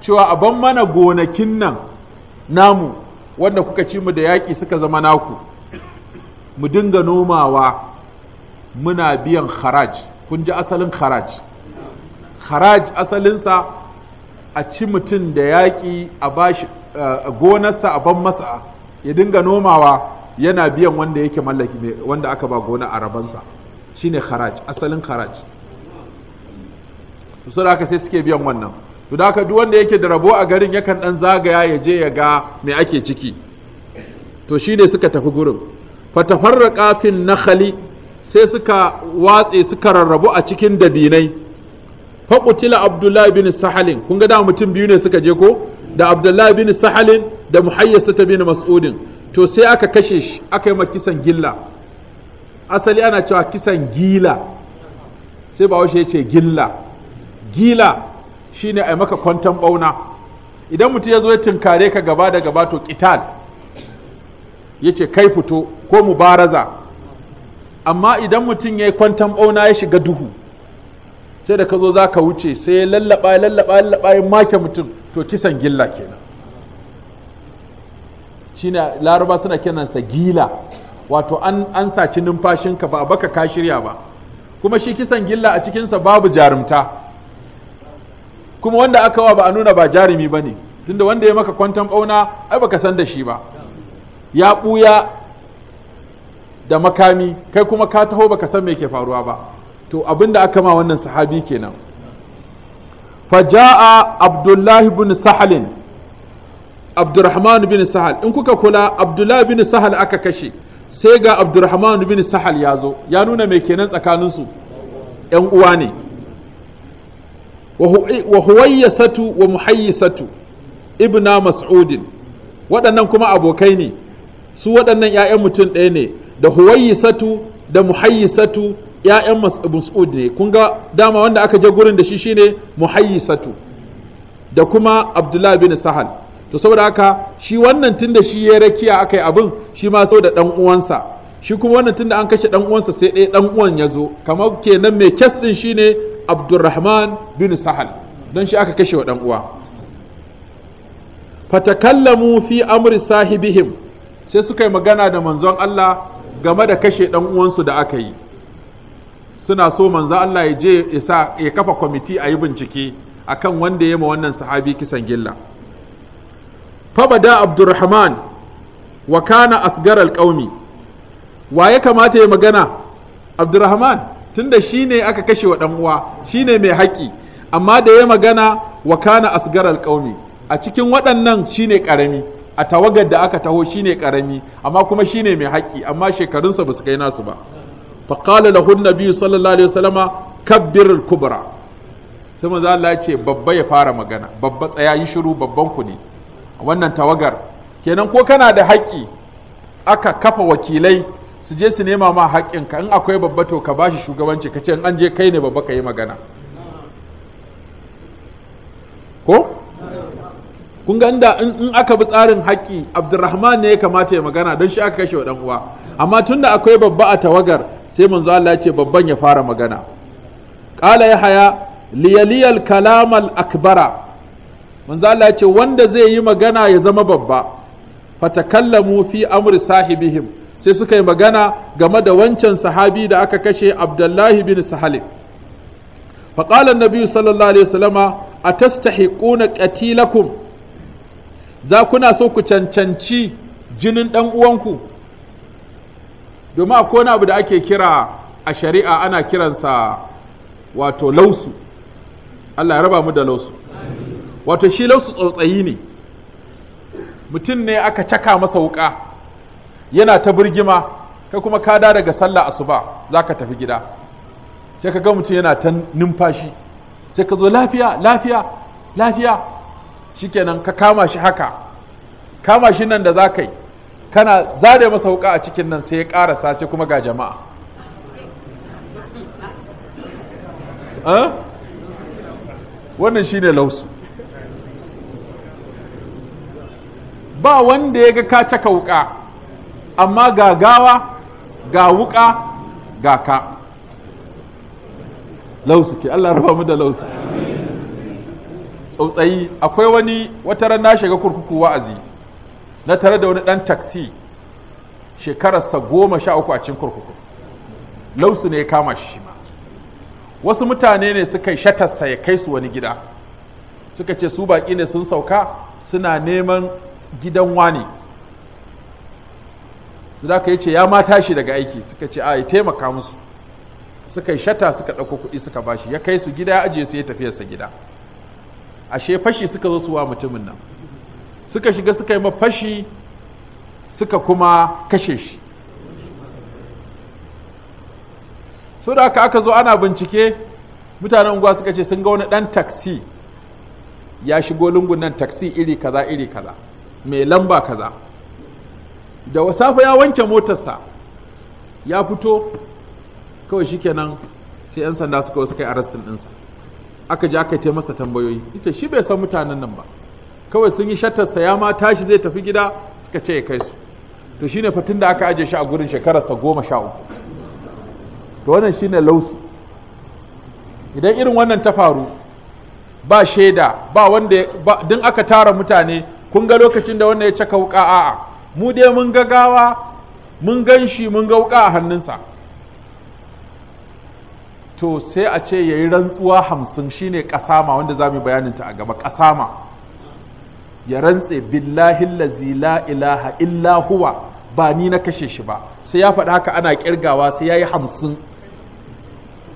cewa a ban mana gonakin nan namu wanda kuka ci mu da yaƙi suka zama naku mu dinga nomawa muna biyan haraj kun ji asalin haraj haraj asalinsa a ci mutum da yaƙi a bashi gonarsa a ban masa ya dinga nomawa yana biyan wanda yake mallaki wanda aka ba gona a rabansa shine haraj asalin haraj to sai haka sai suke biyan wannan to da haka duk wanda yake da rabo a garin yakan dan zagaya ya je ya ga me ake ciki to shine suka tafi gurin fatafarraqa fil nakhli sai suka watse suka rarrabu a cikin dabinai faƙutila abdullahi bin sahalin kun ga da mutum biyu ne suka je ko da abdullahi bin sahalin da muhayyasa ta bin mas'udin to sai aka kashe shi aka yi ma kisan gilla asali ana cewa kisan gila sai ba ya ce gilla gila shine a maka kwantan bauna idan mutum ya zo ya tinkare ka gaba da gaba to kital, ya ce kai fito ko mu baraza. amma idan mutum ya yi kwantan bauna ya shiga duhu sai da ka zo za ka wuce sai ya lallaba ya lallaba ya lallaba ya make mutum to kisan gilla kenan shine laraba suna kenansa gila wato an, an saci numfashinka ba a baka ka shirya ba kuma shi kisan gilla a cikinsa babu jarumta kuma wanda aka wa ba a nuna ba jarumi ba ne tunda wanda ya maka kwantan bauna ai baka san da shi ba ya buya da makami kai kuma ka taho baka san me ke faruwa ba to abinda aka ma wannan sahabi kenan faja'a abdullahi bin sahalin abdurrahman bin sahal in kuka kula abdullahi bin sahal aka kashe sai ga abdurrahman bin sahal ya zo ya nuna me kenan tsakaninsu 'yan uwa ne wa satu wa satu ibna mas'udin waɗannan kuma abokai ne su waɗannan 'ya'yan mutum ɗaya ne da huwayyisatu da muhayyisatu 'ya'yan mas'ud ne kun ga dama wanda aka je gurin da shi shine muhayyisatu da kuma abdullah bin sahal to saboda haka shi wannan da shi ya rakiya aka yi abin shi ma sau da ɗan uwansa shi kuma wannan tunda an kashe ɗan uwansa sai ɗaya ɗan uwan ya zo kamar kenan mai kes ɗin shine abdurrahman bin sahal don shi aka kashe wa ɗan uwa fatakallamu fi amri sahibihim sai suka yi magana da manzon Allah game da kashe ɗan uwansu da aka yi suna so manzo Allah ya je ya kafa kwamiti a yi bincike a kan wanda ya ma wannan sahabi kisan gilla fabada abdurrahman wa kana asgar alƙaumi wa ya kamata ya magana abdurrahman tunda shi ne aka kashe wa ɗan uwa shi ne mai haƙƙi amma da ya magana wa kana asgaral qaumi a cikin waɗannan shi ne ƙarami a tawagar da aka taho shi ne ƙarami amma kuma shi ne mai haƙƙi amma shekarunsa ba su kai nasu ba faƙala lahun nabiyu sallallahu alaihi wasallama kabbir kubra sai manzo Allah ya ce babba ya fara magana babba tsaya yi shiru babban ku ne wannan tawagar kenan ko kana da haƙƙi aka kafa wakilai su je su nema ma haƙƙinka in akwai babba to ka bashi shugabanci ka ce an je kai ne babba ka yi magana ko kun ga inda in aka bi tsarin haƙƙi abdurrahman ne ya kamata ya magana don shi aka kashe wa uwa amma tun da akwai babba a tawagar sai manzo Allah ya ce babban ya fara magana qala yahaya liyaliyal kalamal akbara manzo Allah ya ce wanda zai yi magana ya zama babba fatakallamu fi amri sahibihim sai suka yi magana game da wancan sahabi da aka kashe abdullahi bin sahalin faƙalar nabi sallallahu alaihi wasallama a tastahiquna qatilakum za kuna so ku cancanci jinin ɗan uwanku domin a kona abu da ake kira a shari'a ana kiransa wato lausu Allah ya raba mu da lausu wato shi lausu tsautsayi ne mutum ne aka caka masa wuƙa yana ta birgima ka kuma ka da daga sallah asuba za ka tafi gida sai ka ga mutum yana ta numfashi sai ka zo lafiya lafiya lafiya shikenan ka kama shi haka kama shi nan da za ka yi kana zare masa wuka a cikin nan sai ya karasa sai kuma ga jama'a wannan shi ne lausu ba wanda ya ga ka caka wuka amma ga gawa ga wuka ga ka lausu ke Allah raba mu da lausu tsautsayi akwai wani wata ran na shiga kurkuku wa'azi na tare da wani dan taksi shekararsa goma sha uku a cikin kurkuku lausu ne ya kama shi ma wasu mutane ne suka yi shatarsa ya kai su wani gida suka ce su baƙi ne sun sauka suna neman gidan wani za ka ce ya mata shi daga aiki suka ce a taimaka musu suka yi shata suka ɗauko kuɗi suka bashi ya kai su gida ya ajiye su ya tafiyarsa gida ashe fashi suka zo su wa mutumin nan suka shiga suka yi fashi suka kuma kashe shi sau da aka aka zo ana bincike mutanen unguwa suka ce sun ga wani ɗan taksi ya shigo lungun nan taksi iri kaza iri kaza mai lamba kaza da wasafa ya wanke motarsa ya fito kawai shikenan sai 'yan sanda suka wasu kai arrestin ɗinsa aka je aka yi masa tambayoyi ita shi bai san mutanen nan ba kawai sun yi shattarsa ya ma tashi zai tafi gida suka ce ya kai su to shi ne fatin da aka aje shi a gurin shekararsa goma sha uku to wannan shi ne lausu idan irin wannan ta faru ba shaida ba wanda din aka tara mutane kun ga lokacin da wanda ya caka wuka a'a mu dai mun ga gawa mun gan shi mun ga wuka a hannunsa to sai a ce ya yi rantsuwa hamsin shine kasama wanda za mu bayaninta a gaba kasama ya rantse billahi lazi la ilaha illa ba ni na kashe shi ba sai ya faɗa haka ana kirgawa sai ya yi hamsin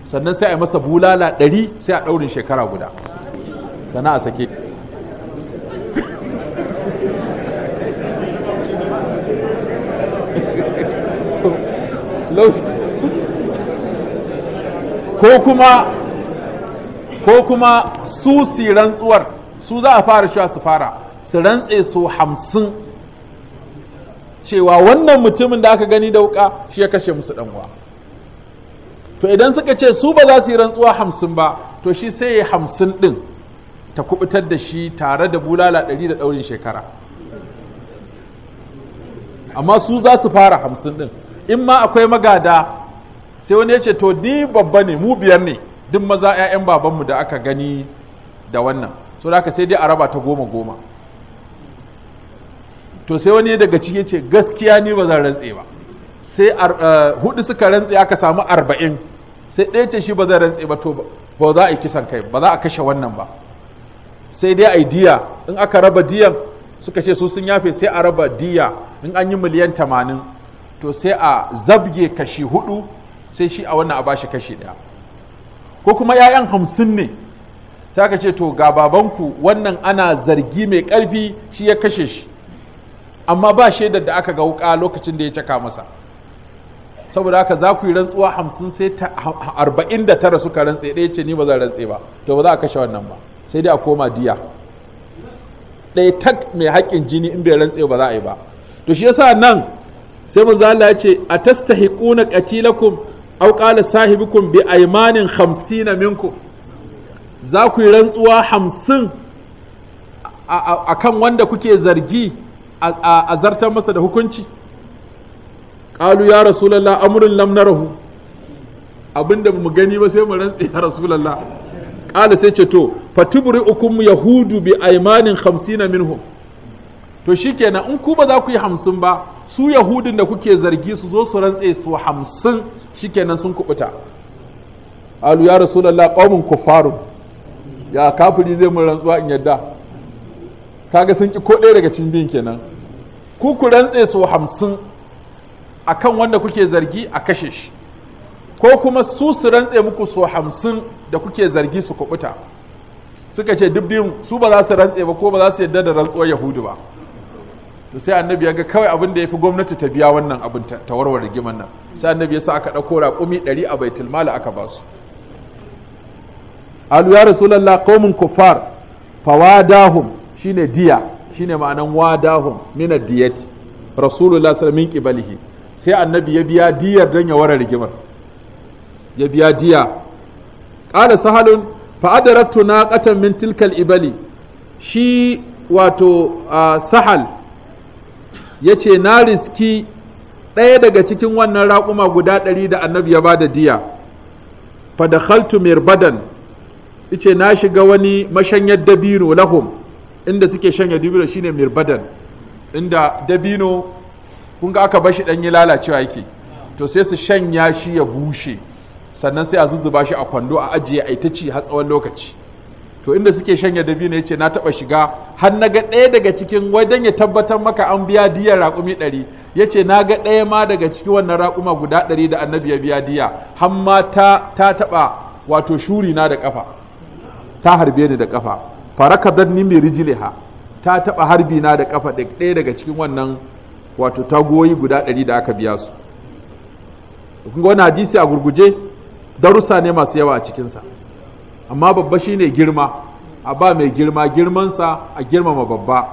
sannan sai a yi masa bulala ɗari sai a ɗaurin shekara guda sannan a sake ko kuma su si rantsuwar su za a fara cewa su fara su rantse su hamsin cewa wannan mutumin da aka gani da wuka shi ya kashe musu ɗanwa to idan suka ce su ba za su yi rantsuwa hamsin ba to shi sai ya yi hamsin din ta kubutar da shi tare da bulala ɗari da ɗaurin shekara amma su za su fara hamsin din. in ma akwai magada sai wani ya ce to ni babba ne mu biyar ne duk maza 'ya'yan babanmu da aka gani da wannan so da aka sai dai a raba ta goma goma to sai wani daga ciki ce gaskiya ni ba zan rantse ba sai eh, hudu suka rantse aka samu arba'in sai ɗaya ce shi ba zan rantse ba to ba za a yi kisan kai ba za a kashe wannan ba sai dai a yi diya in aka raba diyan suka ce su sun yafe sai a raba diya in an yi miliyan tamanin to sai a zabge kashi hudu sai shi a wannan a bashi kashi daya ko kuma 'ya'yan hamsin ne sai aka ce to ga babanku wannan ana zargi mai ƙarfi shi ya kashe shi amma ba shaidar da aka ga wuka lokacin da ya caka masa saboda haka za ku yi rantsuwa hamsin sai arba'in da tara suka rantse ɗaya ce ni ba zan rantse ba to ba za a kashe wannan ba sai dai a koma diya ɗaya tak mai haƙƙin jini in bai rantse ba za a yi ba to shi yasa nan sai manzo Allah ya ce atastahiquna qatilakum aw qala sahibukum bi aymanin 50 minkum za ku yi rantsuwa hamsin a kan wanda kuke zargi a zartar masa da hukunci ƙalu ya rasulallah amurin lam na rahu abinda mu gani ba sai mu rantsi ya rasulallah ƙala sai ce to fatibri ukun yahudu bi aimanin hamsina minhum to shikenan in ku ba za ku yi hamsin ba su yahudin da kuke zargi su zo su rantse su hamsin shikenan sun kubuta alu ya rasulallah qaumun kuffarun ya kafiri zai mun rantsuwa in yadda kaga sun ki ko ɗaya daga cikin biyun kenan ku ku rantse su hamsin akan wanda kuke zargi a kashe shi ko kuma su su rantse muku su hamsin da kuke zargi su kubuta suka ce duk su ba za su rantse ba ko ba za su yadda da rantsuwar yahudu ba to sai annabi ya ga kawai abin da ya fi gwamnati ta biya wannan abin ta warware rigiman nan sai annabi ya sa aka ɗauko raƙumi ɗari a baitul mala aka ba su alu ya rasulallah qaumun kuffar fawadahum shine diya shine ma'anan wadahum mina diyati rasulullah sallallahu alaihi wasallam sai annabi ya biya diyar dan ya wara rigimar ya biya diya qala sahalun fa adaraktu naqatan min tilkal ibali shi wato ah, sahal ya ce na riski ɗaya daga cikin wannan raƙuma guda ɗari da annabi ya ba da diya fadakhaltu mirbadan ice na shiga wani mashanyar dabino lahum inda suke shanya dabino shine mirbadan inda dabino kun ga aka bashi ɗanyi lalacewa yake to sai su shanya shi ya bushe sannan sai a zuzzuba shi a kwando a ajiye a ita har tsawon lokaci to inda suke shanya dabino ya ce na taba shiga har na ga ɗaya daga cikin wajen ya tabbatar maka an biya diyar raƙumi ɗari ya ce na ga ɗaya ma daga cikin wannan raƙuma guda ɗari da annabi ya biya diya har ma ta taɓa wato shuri na da ƙafa ta harbe ni da ƙafa faraka ni mai rijiliha ta taɓa harbi na da ƙafa ɗaya daga cikin wannan wato tagoyi guda ɗari da aka biya su kun wani hadisi a gurguje darussa ne masu yawa a cikinsa amma babba shine girma a ba mai girma girmansa a girmama babba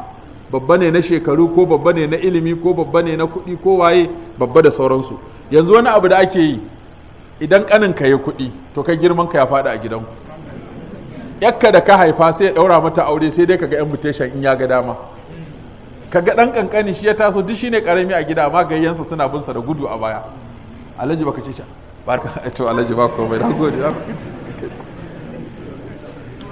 babba ne na shekaru ko babba ne na ilimi ko babba ne na kuɗi ko waye babba da sauransu yanzu wani abu da ake yi idan ka yi kuɗi to kai girman ka ya faɗi a gidanku yakka da ka haifa sai ya ɗaura mata aure sai dai kaga invitation in ya ga dama kaga ɗan ƙanƙani shi ya taso duk shine ƙarami a gida amma gayyansa suna bin sa da gudu a baya alhaji baka ce barka *laughs* to alhaji ba komai na gode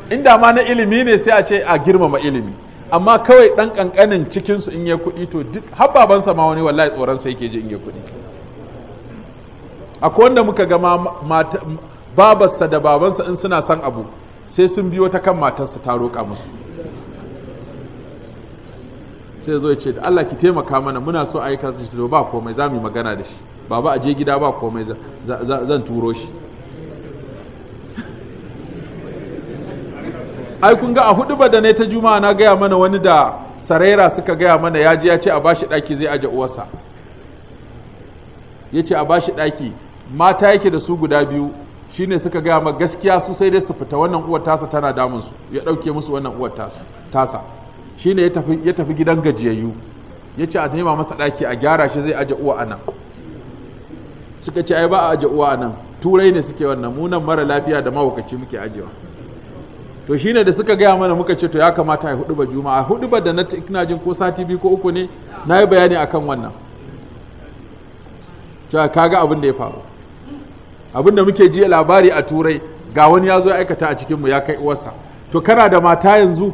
inda ma na ilimi ne sai a ce a girmama ilimi amma kawai dan kankanin cikin su in ya kuɗi to duk habbaban sa ma wani wallahi tsoron sai yake ji in ya kuɗi akwai wanda muka ga mata babarsa da babansa in suna son abu sai sun biyo ta kan matarsa ta roƙa musu sai zo ya ce da Allah ki taimaka mana muna so a yi to ba komai za mu yi magana da shi baba a je gida ba komai zan turo shi ai kun ga a hudu ba da ne ta juma'a na gaya mana wani da sarera suka gaya mana ya ji ya ce a bashi daki zai aje uwarsa ya ce a bashi daki mata yake da su guda biyu shine suka gaya ma gaskiya su sai dai su fita wannan uwar tasa tana damun su ya dauke musu wannan uwar tasa tasa shine ya tafi ya tafi gidan gajiyayyu ya ce a nema masa daki a gyara shi zai aje uwa anan suka ce ai ba a aje uwa anan turai ne suke wannan munan mara lafiya da mawakaci muke ajewa to shine da suka gaya mana muka ce to ya kamata a hudu ba juma'a hudu ba da na ina jin ko sati biyu ko uku ne na yi bayani akan wannan to kaga abin da ya faru abin da muke ji labari a turai ga wani ya zo ya aikata a cikin mu ya kai uwarsa to kana da mata yanzu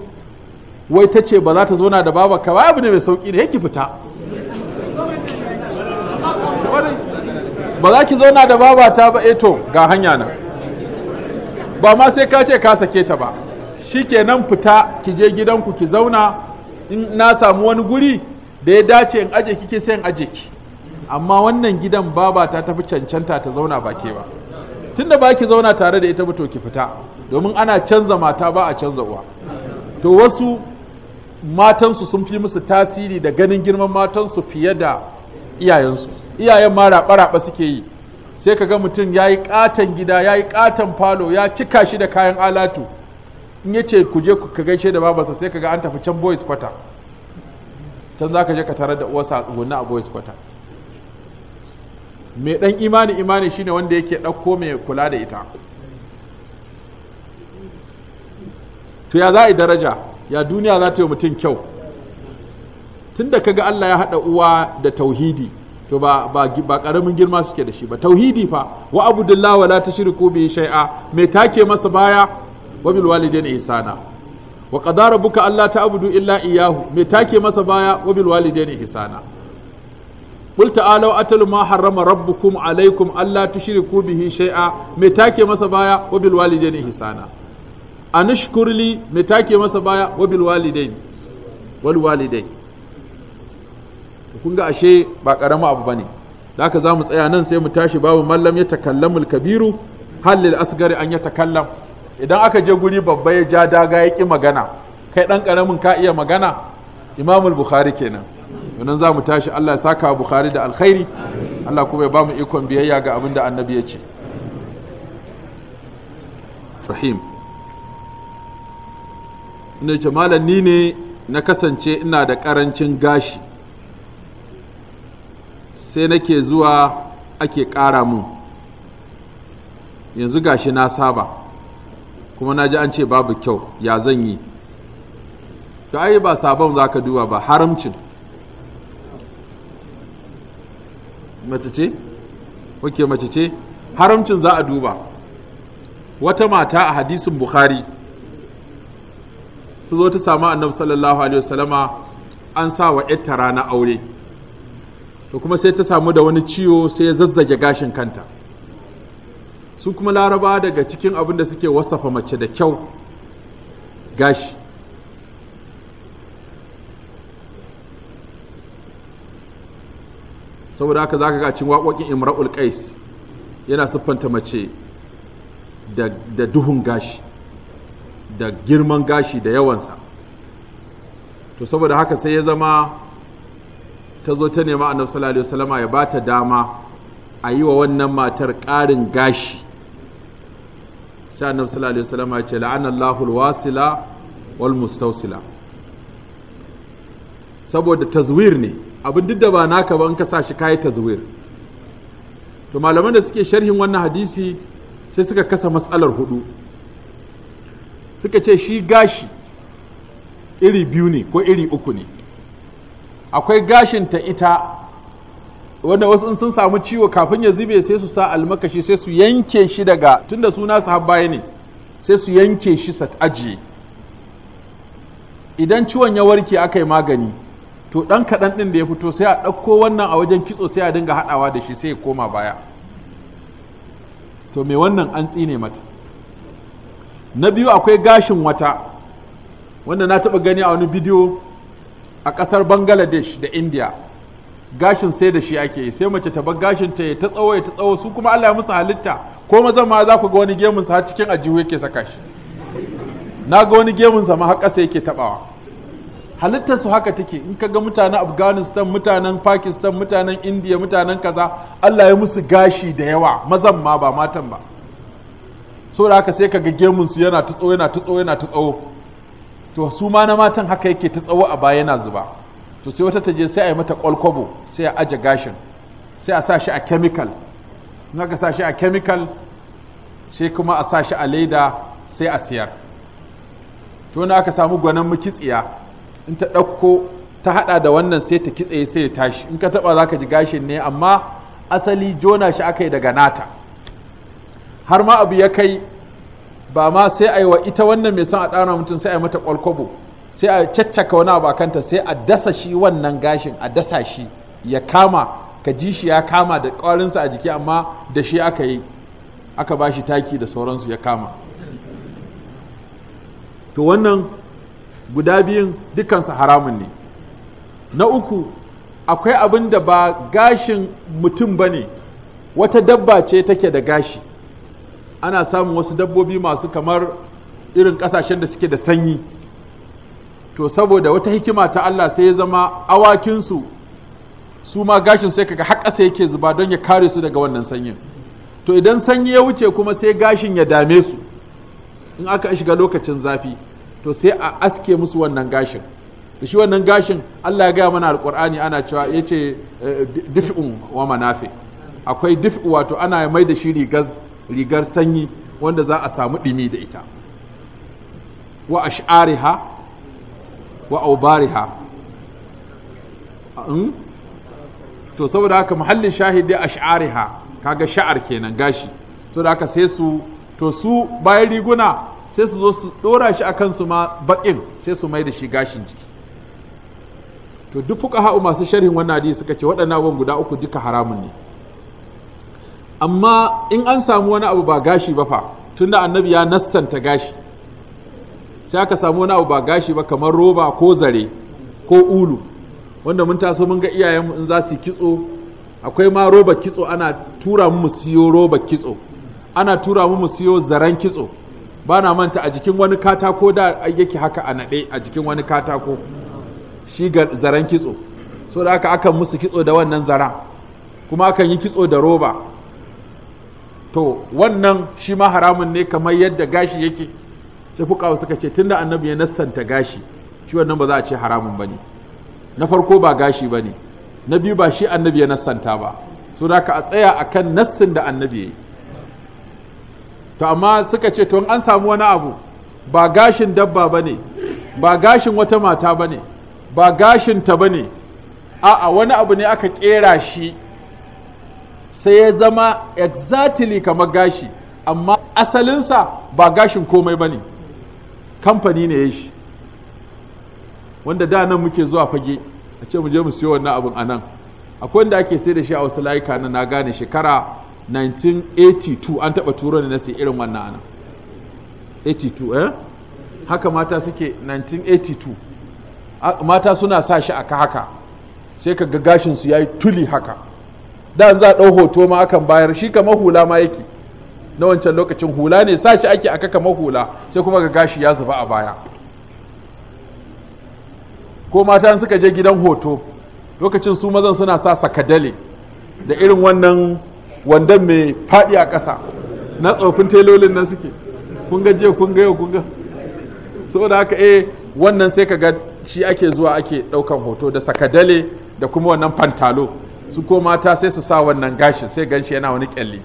wai ta ce ba za ta zauna da babarka ba abu ne mai sauki ne yake fita ba za ki zauna da babata ba eto eh ga hanya nan ba ma sai ka ce ka sake ta ba shikenan fita ki je gidanku ki zauna in na samu wani guri da ya dace in aje kike sai in aje ki amma wannan gidan baba ta tafi cancanta ta zauna ba ke ba tunda ba ki zauna tare da ita ba ki fita domin ana canza mata ba a canza uwa to wasu matansu sun fi musu tasiri da ganin girman matansu fiye da iyayensu iyayen ma raɓa-raɓa suke yi sai ka ga mutum ya yi ƙaton gida ya yi ƙaton falo ya cika shi da kayan alatu in ya ce ku je ka gaishe da babarsa sai kaga an tafi can boys kwata can za ka je ka tare da uwarsa a tsugunna a boys kwata mai dan imani imani shine wanda yake ɗauko mai kula da ita to ya za a yi daraja ya duniya za ta yi mutum kyau tun da kaga Allah ya haɗa uwa da tauhidi to ba ba ba karamin girma suke da shi ba tauhidi fa wa abudullahi wala tushriku bi shay'a mai take masa baya wa bil walidaini ihsana wa qadara rabbuka alla ta'budu illa iyyahu me take masa baya wa bil walidaini ihsana قل تعالوا أتل ما حرم ربكم عليكم ألا تشركوا به شيئا متاكي مسا بايا وبالوالدين إحسانا أنشكر لي متاكي مسا بايا وبالوالدين والوالدين kun ga ashe ba ƙarama abu bane da haka za mu tsaya nan sai mu tashi babu mallam ya takallamu kabiru halil asgari an ya takallam idan aka je guri babba ya ja daga ya ƙi magana kai ɗan ƙaramin ka iya magana imamul bukhari kenan yanzu za mu tashi allah saka bukhari da alkhairi allah kuma ya ba mu ikon biyayya ga abin da annabi ya ce rahim ina ce ni ne na kasance ina da ƙarancin gashi sai nake zuwa ake ƙara mun yanzu gashi na saba kuma na ji an ce babu kyau ya zan yi to ai ba sabon za ka duba ba haramcin mace ce? ok mace haramcin za a duba wata mata a hadisin bukhari ta zo ta samu annabi sallallahu alaihi wasallama an sa wa yatta rana aure to kuma sai ta samu da wani ciwo sai ya zazzage gashin kanta su kuma laraba daga cikin abin da suke wasafa mace da kyau gashi saboda haka za ka ga cin waƙoƙin imra'ul qais yana siffanta mace da duhun gashi da girman gashi da yawansa to saboda haka sai ya zama ta zo ta nema annabi sallallahu alaihi wasallama ya bata dama a yi wa wannan matar ƙarin gashi sai annabi sallallahu alaihi wasallam ya ce la'ana Allahul wasila wal mustawsila saboda tazwir ne abin duk da ba naka ba in ka sa shi kai tazwir to malaman da suke sharhin wannan hadisi sai suka kasa matsalar hudu suka ce shi gashi iri biyu ne ko iri uku ne akwai gashin ta ita wanda wasu sun samu ciwo kafin ya zube sai su sa almakashi sai su yanke shi daga tunda suna su habbaye ne sai su yanke shi sa ajiye idan ciwon ya warke aka yi magani to ɗan kaɗan ɗin da ya fito sai a ɗauko wannan a wajen kitso sai a dinga haɗawa da shi sai ya koma baya to me wannan an tsine mata na biyu akwai gashin wata wanda na taɓa gani a wani bidiyo a ƙasar bangladesh da india gashin sai da shi ake yi sai mace ta bar gashin ta ta tsawo ta tsawo su kuma Allah ya musu halitta ko maza ma za ku ga wani gemun sa cikin ajihu yake saka shi na ga wani gemun sa ma har ƙasa yake tabawa halittar su haka take in ka ga mutanen Afghanistan mutanen Pakistan mutanen India mutanen kaza Allah ya musu gashi da yawa mazan ma ba matan ba so da haka sai ka ga gemun su yana ta tsawo yana ta tsawo yana ta tsawo to su ma na matan haka yake ta tsawo a baya yana zuba to sai wata taje sai a yi mata kwalkwabo sai a aje gashin sai a sa shi a chemical in aka sa shi a chemical sai kuma a sa shi a leda sai a siyar to na aka samu gwanan mukitsiya in ta ɗauko ta haɗa da wannan sai ta kitse sai ya tashi in ka taɓa za ka ji gashin ne amma asali jona shi aka yi daga nata har ma abu ya kai ba ma sai a yi wa ita wannan mai son a ɗana mutum sai a yi mata kwalkwabo sai a caccaka wani abu kanta sai a dasa shi wannan gashin a dasa shi ya kama ka ji shi ya kama da ƙwarinsa a jiki amma da shi aka yi aka ba shi taki da sauransu ya kama to wannan guda biyun dukansu haramun ne na uku akwai abin da ba gashin mutum ba ne wata dabba ce take da gashi ana samun wasu dabbobi masu kamar irin kasashen da suke da sanyi to saboda wata hikima ta Allah sai ya zama awakinsu su ma gashin sai kaga har ƙasa yake zuba don ya kare su daga wannan sanyin to idan sanyi ya wuce kuma sai gashin ya dame su in aka shiga lokacin zafi to sai a aske musu wannan gashin da shi wannan gashin Allah ya gaya mana alƙur'ani ana cewa ya ce eh, dif'un wa manafi akwai dif'u wato ana mai da shi rigar sanyi wanda za a samu ɗimi da ita wa ash'ariha wa aubariha hmm? to saboda haka muhallin shahidi ash'ariha kaga sha'ar kenan gashi saboda haka sai su to su bayan riguna sai su zo su dora shi akan su ma bakin sai su mai da shi gashin jiki to duk ha'u masu sharhin wannan hadisi suka ce waɗannan abubuwan guda uku duka haramun ne amma in an samu wani abu ba gashi ba fa tunda annabi ya nassanta gashi sai aka samu wani abu ba gashi ba kamar roba ko zare ko ulu wanda mun taso mun ga iyayenmu in za su kitso akwai ma roba kitso ana tura mu siyo roba kitso ana tura mu siyo zaren kitso ba na manta a jikin wani katako da yake haka a naɗe a jikin wani katako shi ga zaren kitso so da aka akan musu kitso da wannan zara kuma akan yi kitso da roba to wannan shi ma haramun ne kamar yadda gashi yake sai fuqawa suka ce tunda annabi ya nassanta gashi shi wannan ba za a ce haramun bane na farko ba gashi bane na biyu ba shi annabi ya nassanta ba so da ka a tsaya akan nassin da annabi ya yi to amma suka ce to an samu wani abu ba gashin dabba bane ba gashin wata mata bane ba gashin ta bane a'a wani abu ne aka kera shi sai ya zama exactly kamar gashi amma asalinsa ba gashin komai bane kamfani ne ya shi wanda da nan muke zuwa fage a ce mu je mu siyo wannan abin a nan akwai wanda ake sai da shi a wasu layuka na na gane shekara 1982 an taba turo ne na sai irin wannan anan 82 eh haka mata suke 1982 mata suna sa shi aka haka sai ka ga gashin su yayi tuli haka da za a ɗau hoto ma akan bayar shi kamar hula ma yake na wancan lokacin hula ne sa shi ake aka kama hula sai kuma ga gashi ya zuba a baya ko mata suka je gidan hoto lokacin su mazan suna sa sakadale da irin wannan wandan mai faɗi a ƙasa na tsofin telolin nan suke kun ga jiya kun ga kun ga saboda haka eh wannan sai ka ga shi ake zuwa ake ɗaukan hoto da sakadale da kuma wannan fantalo su ko mata sai su sa wannan gashin sai ganshi yana wani kyalli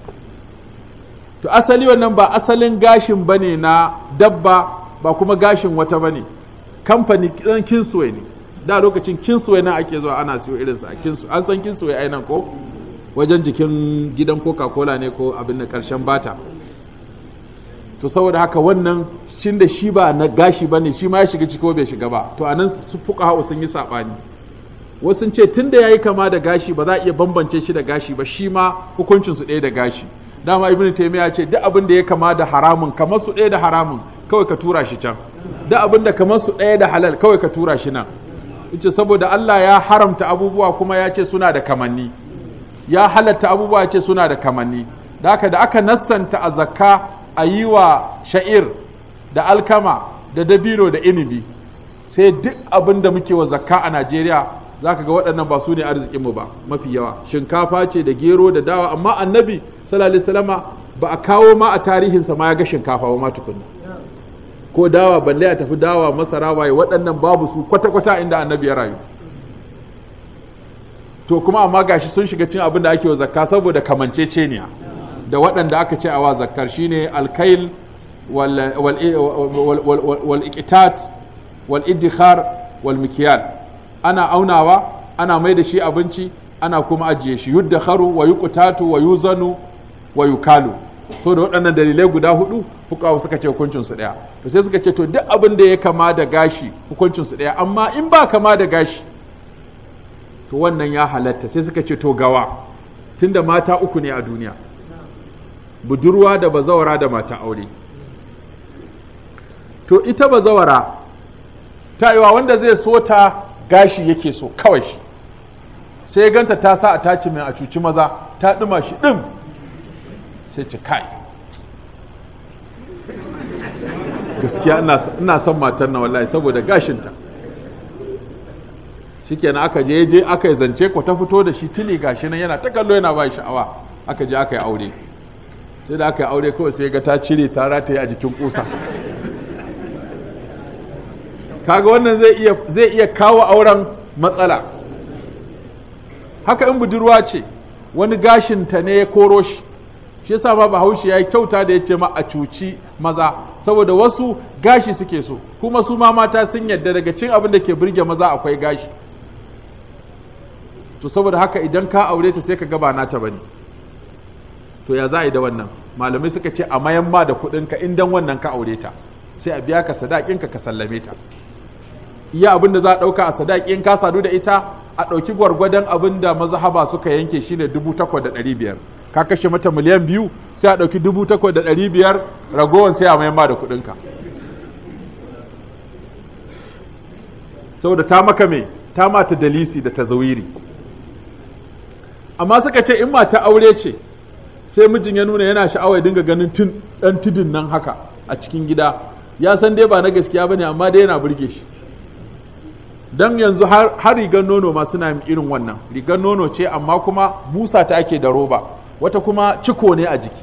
to asali wannan ba asalin gashin bane na dabba ba kuma gashin wata ba ne kamfani ɗan kinsway ne da lokacin kinsway nan ake zuwa ana siyo irinsa a kinsu an san kinsway a ko wajen jikin gidan coca-cola ne ko abin na karshen bata to saboda haka wannan shin da shi ba na gashi ba ne shi ma ya shiga ciki ko bai shiga ba to a nan su fuka hau sun yi saɓani wasu ce tun da ya yi kama da gashi ba za a iya bambance shi da gashi ba shi ma hukuncinsu ɗaya da gashi dama ibn taymiya ce duk abin da ya kama da haramun kamar su ɗaya da haramun kawai ka tura shi can duk abin da kamar su ɗaya da halal kawai ka tura shi nan yace saboda Allah ya haramta abubuwa kuma ya ce suna da kamanni ya halatta abubuwa ce suna da kamanni da haka da aka nassanta a zakka a yi wa sha'ir da alkama da dabino da inibi sai duk abin da muke wa zakka a Najeriya zaka ga waɗannan ba su ne arzikinmu ba mafi yawa shinkafa ce da gero da dawa amma annabi sallallahu alaihi ba a kawo ma a tarihinsa ma ya ga shinkafa ba ma tukunna ko dawa balle a tafi dawa masara waye waɗannan babu su kwata-kwata inda annabi ya rayu to kuma amma gashi sun shiga cin abin da ake wa zakka saboda kamanceceniya da waɗanda aka ce a wa zakkar shine alkail wal iqtat wal iddikhar wal mikyal ana aunawa ana mai da shi abinci ana kuma ajiye shi yuddakharu wa yuqtatu wa yuzanu wa yukalu so da waɗannan dalilai guda hudu fukawa suka ce hukuncin su ɗaya to sai suka ce to duk abin da ya kama da gashi hukuncin ɗaya amma in ba kama da gashi to wannan ya halatta sai suka ce to gawa tunda mata uku ne a duniya budurwa da bazawara da mata aure to ita bazawara ta yiwa wanda zai so ta gashi yake so kawai shi sai ganta ta sa a taci mai a cuci maza ta ɗuma shi ɗin sai ce kai gaskiya ina son matar na wallahi saboda gashinta kenan aka je je aka yi zance ko ta fito da shi tuni gashi nan yana ta kallo yana ba sha'awa aka je aka yi aure sai da aka yi aure kawai sai ga ta cire ta yi a jikin kusa kaga wannan zai iya kawo auren matsala haka in budurwa ce wani gashinta ne ya koro shi shi yasa ba bahaushe ya yi kyauta da ya ce ma a cuci maza saboda wasu gashi suke so kuma su mata sun yadda daga cin abin da ke birge maza akwai gashi to saboda haka idan ka aure ta sai ka gaba nata ne to ya za a yi da wannan malamai suka ce a mayan ba da kuɗinka in dan wannan ka aure ta sai a biya ka sadakin ka ka sallame ta iya abin da za a ɗauka a sadaki ka sadu da ita a ɗauki gwargwadon abin da mazahaba suka yanke shi ne dubu takwas da ɗari biyar ka kashe mata miliyan biyu sai a ɗauki dubu takwas da ɗari biyar ragowar sai a mayan ma da kuɗinka saboda ta maka mai ta mata dalisi da ta tazawiri amma suka ce in mata aure ce sai mijin ya nuna yana sha'awa dinga ganin ɗan tudun nan haka a cikin gida ya san dai ba na gaskiya ba ne amma dai yana burge shi don yanzu har rigar nono ma suna irin wannan rigar nono ce amma kuma busa ta ake da roba wata kuma ciko ne a jiki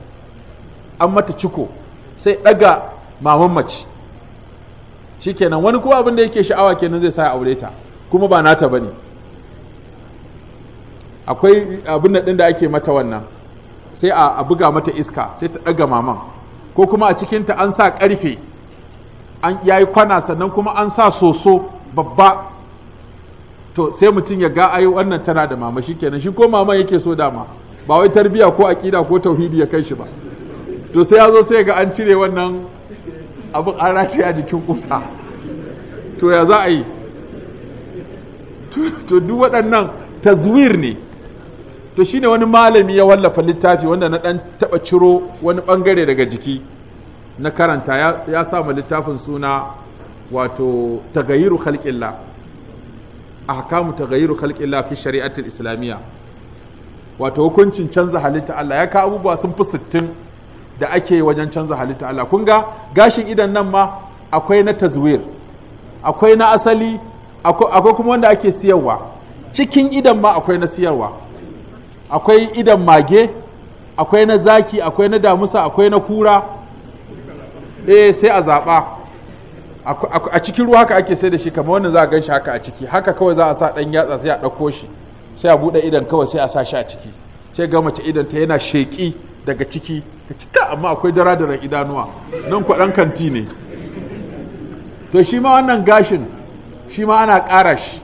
an mata ciko sai ɗaga maman mace shikenan wani kuma abin da yake sha'awa kenan zai sa aure ta kuma ba nata bane akwai abin da ɗin da ake mata wannan sai a buga mata iska sai ta ɗaga maman ko kuma a cikinta an sa ƙarfe an yayi kwana sannan kuma an sa soso babba to sai mutum ya ga ayi wannan tana da mama shikenan shi ko maman yake so dama ba wai tarbiya ko aƙida ko tauhidi ya kai shi ba to sai ya zo sai ga an cire wannan abin an a jikin kusa to ya za a yi to duk waɗannan tazwir ne to shine wani malami ya wallafa littafi wanda na ɗan taɓa ciro wani ɓangare daga jiki na karanta ya ma littafin suna wato tagayiru a ahkamu tagayiru khalqillah fi shari'atul islamiyya wato hukuncin canza halitta Allah ya ka abubuwa sun fi sittin da ake yi wajen canza halitta Allah kun ga gashin idan nan ma akwai na tazwir akwai na asali akwai kuma wanda ake siyarwa cikin idan ma akwai na siyarwa akwai idan mage akwai na zaki akwai na damusa akwai na kura eh sai a zaɓa a cikin ruwa haka ake sai da shi kamar wannan za a gan shi haka a ciki haka kawai za a sa ɗan yatsa sai a ɗauko shi sai a buɗe idan kawai sai a sa shi a ciki sai ga mace idan ta yana sheƙi daga ciki ta cika amma akwai daradaran idanuwa nan kwaɗan kanti ne to shi ma wannan gashin shi ma ana ƙara shi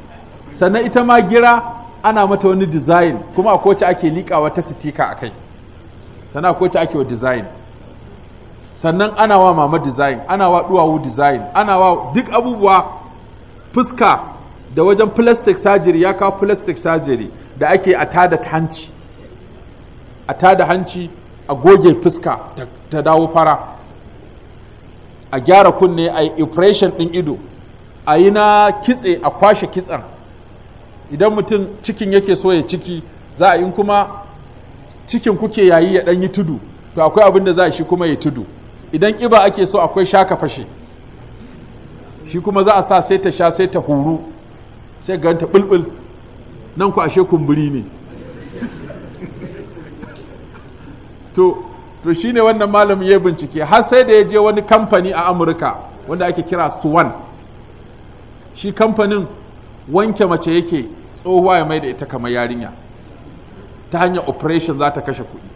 sannan ita ma gira ana mata wani design kuma a kowace ake liƙa wata sitika a kai sannan a kowace ake wa design sannan ana wa mama design ana wa duwawu design ana wa duk abubuwa fuska da wajen plastic surgery ya kawo plastic surgery da ake a tada hanci a tada hanci a goge fuska ta dawo fara a gyara kunne a yi operation ɗin ido a yi na kitse a kwashe kitsen idan mutum cikin yake so ya ciki za a yi kuma cikin kuke yayi ya ɗanyi yi tudu to akwai abin da za a shi kuma ya tudu idan ƙiba ake so akwai shaka fashe shi kuma za a sa sai ta sha sai ta huru sai ganta bulbul nan ku ashe kumburi ne to to shine wannan malamin ya bincike har sai da ya je wani kamfani a amurka wanda ake kira swan shi kamfanin wanke mace yake tsohuwa ya mai da ita kamar yarinya ta hanyar operation za ta kashe kuɗi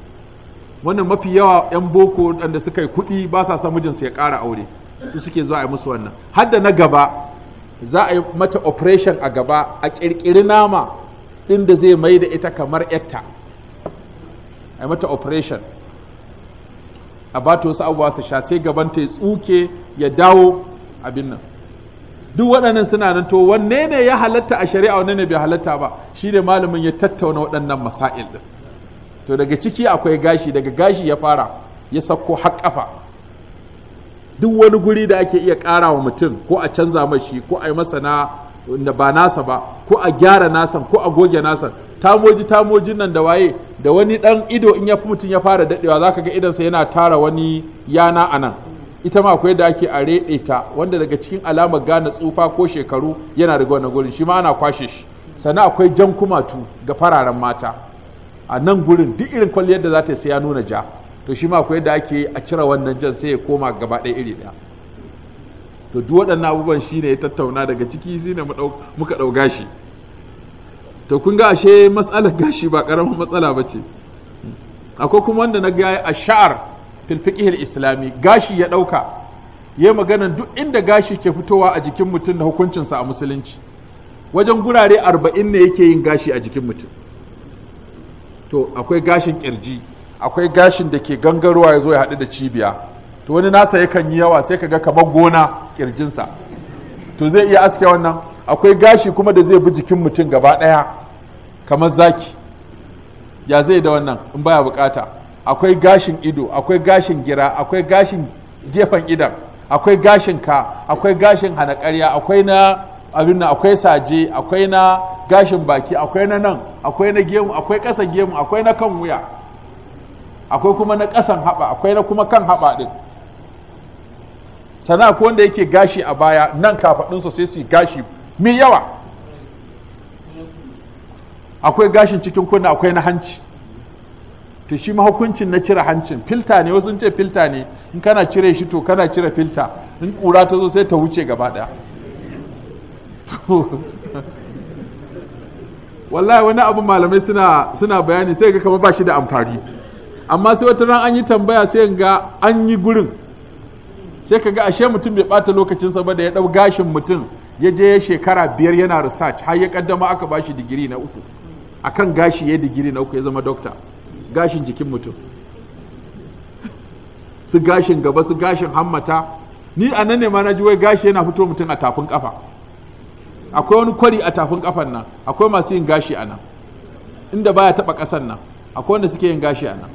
wannan mafi yawa 'yan boko wanda suka yi kuɗi ba sa mijinsu ya kara aure su suke zuwa a musu wannan har da na gaba za a yi mata operation a gaba a ƙirƙiri nama inda zai mai da ita kamar yatta a yi mata operation a ba ta wasu abubuwa su sha sai gaban ta ya tsuke ya dawo abin nan duk waɗannan suna nan to wanne ne ya halatta a shari'a wanne ne bai halatta ba shi ne malamin ya tattauna waɗannan masail to daga ciki akwai gashi daga gashi ya fara ya sakko har ƙafa duk wani guri da ake iya ƙara wa mutum ko a canza mashi ko a yi masa na ba nasa ba ko a gyara nasan ko a goge nasan tamoji tamojin nan da waye da wani ɗan ido in ya fi mutum ya fara dadewa ka ga idansa yana tara wani yana a nan. ita ma akwai da ake a ta wanda daga cikin alamar gane tsufa ko shekaru yana daga wannan gurin shi ma ana kwashe shi sannan akwai jan kumatu ga fararen mata a nan gurin duk irin kwalliyar da za ta sai ya nuna ja to shi ma akwai yadda ake a cire wannan jan sai ya koma gaba ɗaya iri ɗaya to duk waɗannan abubuwan shi ne ya tattauna daga ciki shi ne muka ɗau gashi to kun ga ashe matsalar *laughs* gashi ba ƙaramin matsala ba ce akwai kuma wanda na ga a sha'ar filfiƙihar islami gashi ya ɗauka ya magana duk inda gashi ke fitowa a jikin mutum da hukuncinsa a musulunci wajen gurare arba'in ne yake yin gashi a jikin mutum to akwai gashin ƙirji akwai gashin da ke gangarowa ya zo ya haɗu da cibiya to wani nasa yakan yi yawa sai ka ga kamar gona kirjinsa to zai iya aske wannan akwai gashi kuma da zai bi jikin mutum gaba ɗaya kamar zaki ya zai da wannan in baya bukata akwai gashin ido akwai gashin gira akwai gashin gefen idan akwai gashin ka akwai gashin hanakarya akwai na abin nan akwai saje akwai na gashin baki akwai na nan akwai na gemu akwai ƙasa gemu akwai na kan wuya akwai kuma na ƙasan haɓa akwai na kuma kan haɓa ɗin sana ko wanda yake gashi a baya nan kafaɗinsa sai su gashi mai yawa akwai gashin cikin kunna akwai na hanci to shi mahukuncin na cire hancin filta ne wasu ce filta ne in kana cire shi to kana cire filta in ƙura ta zo sai ta wuce gaba ɗaya *laughs* wallahi wani abu malamai suna bayani sai ga kama ba shi da amfani amma sai wata ran an yi tambaya sai in ga an yi gurin sai ka ga ashe mutum bai bata lokacinsa ba da ya dau gashin mutum ya je ya shekara biyar yana research har ya kaddama aka bashi digiri na uku akan gashi ya digiri na uku ya zama dokta gashin jikin mutum su gashin gaba su gashin hammata ni a nan ne ma na ji wai gashi yana fito mutum a tafin kafa akwai wani kwari a tafin kafan nan akwai masu yin gashi a nan inda baya taba kasan nan akwai wanda suke yin gashi a nan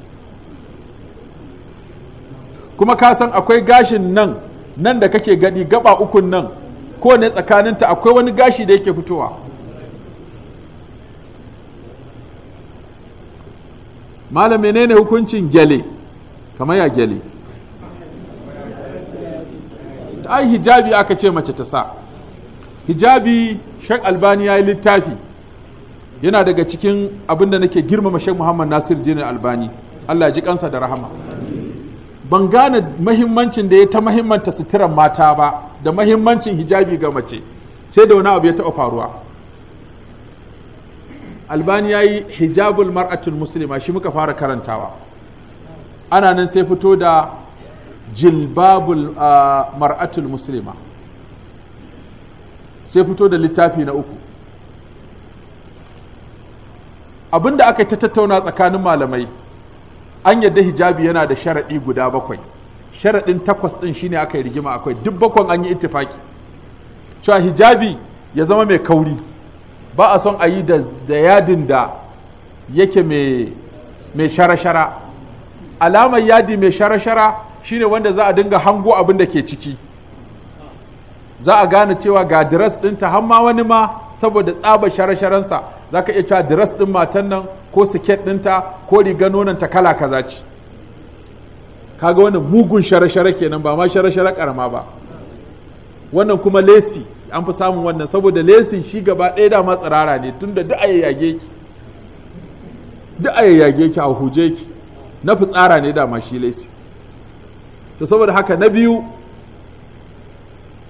kuma ka san akwai gashin nan nan da kake gadi gaba ukun nan ko ne tsakanin ta akwai wani gashi da yake fitowa malam menene hukuncin gyale kamar ya gyale ai hijabi aka ce mace ta sa hijabi shek albani ya yi littafi yana daga cikin abinda nake girmama shek muhammad nasir jinin albani allah ji kansa da rahama ban gane mahimmancin da ya ta mahimmanta suturan mata ba da mahimmancin hijabi ga mace sai da wani abu ya taɓa faruwa albani ya yi hijabul mar'atul muslima shi muka fara karantawa ana nan sai fito da jilbabul mar'atul muslima sai fito da littafi na uku abinda aka yi ta tattauna tsakanin malamai an yadda hijabi yana da sharaɗi guda bakwai sharaɗin takwas ɗin shine aka yi rigima akwai duk bakwan an yi ittifaki cewa hijabi ya zama mai kauri ba a son a yi da yadin da yake mai shara-shara alamar yadi mai shara-shara shine wanda za a dinga hango abin da ke ciki za a gane cewa ga diras ɗinta hamma wani ma saboda tsaba shara-sharansa za ka iya cewa diras ɗin matan nan ko siket ɗinta ko riga nonon ta kala kaza ce kaga wannan mugun share-share kenan ba ma shara shara karama ba wannan kuma lesi an fi samun wannan saboda lesi shi gaba ɗaya da ma tsirara ne tunda duk a yage ki duk a yage ki a huje ki na fitsara ne dama shi lesi to saboda haka na biyu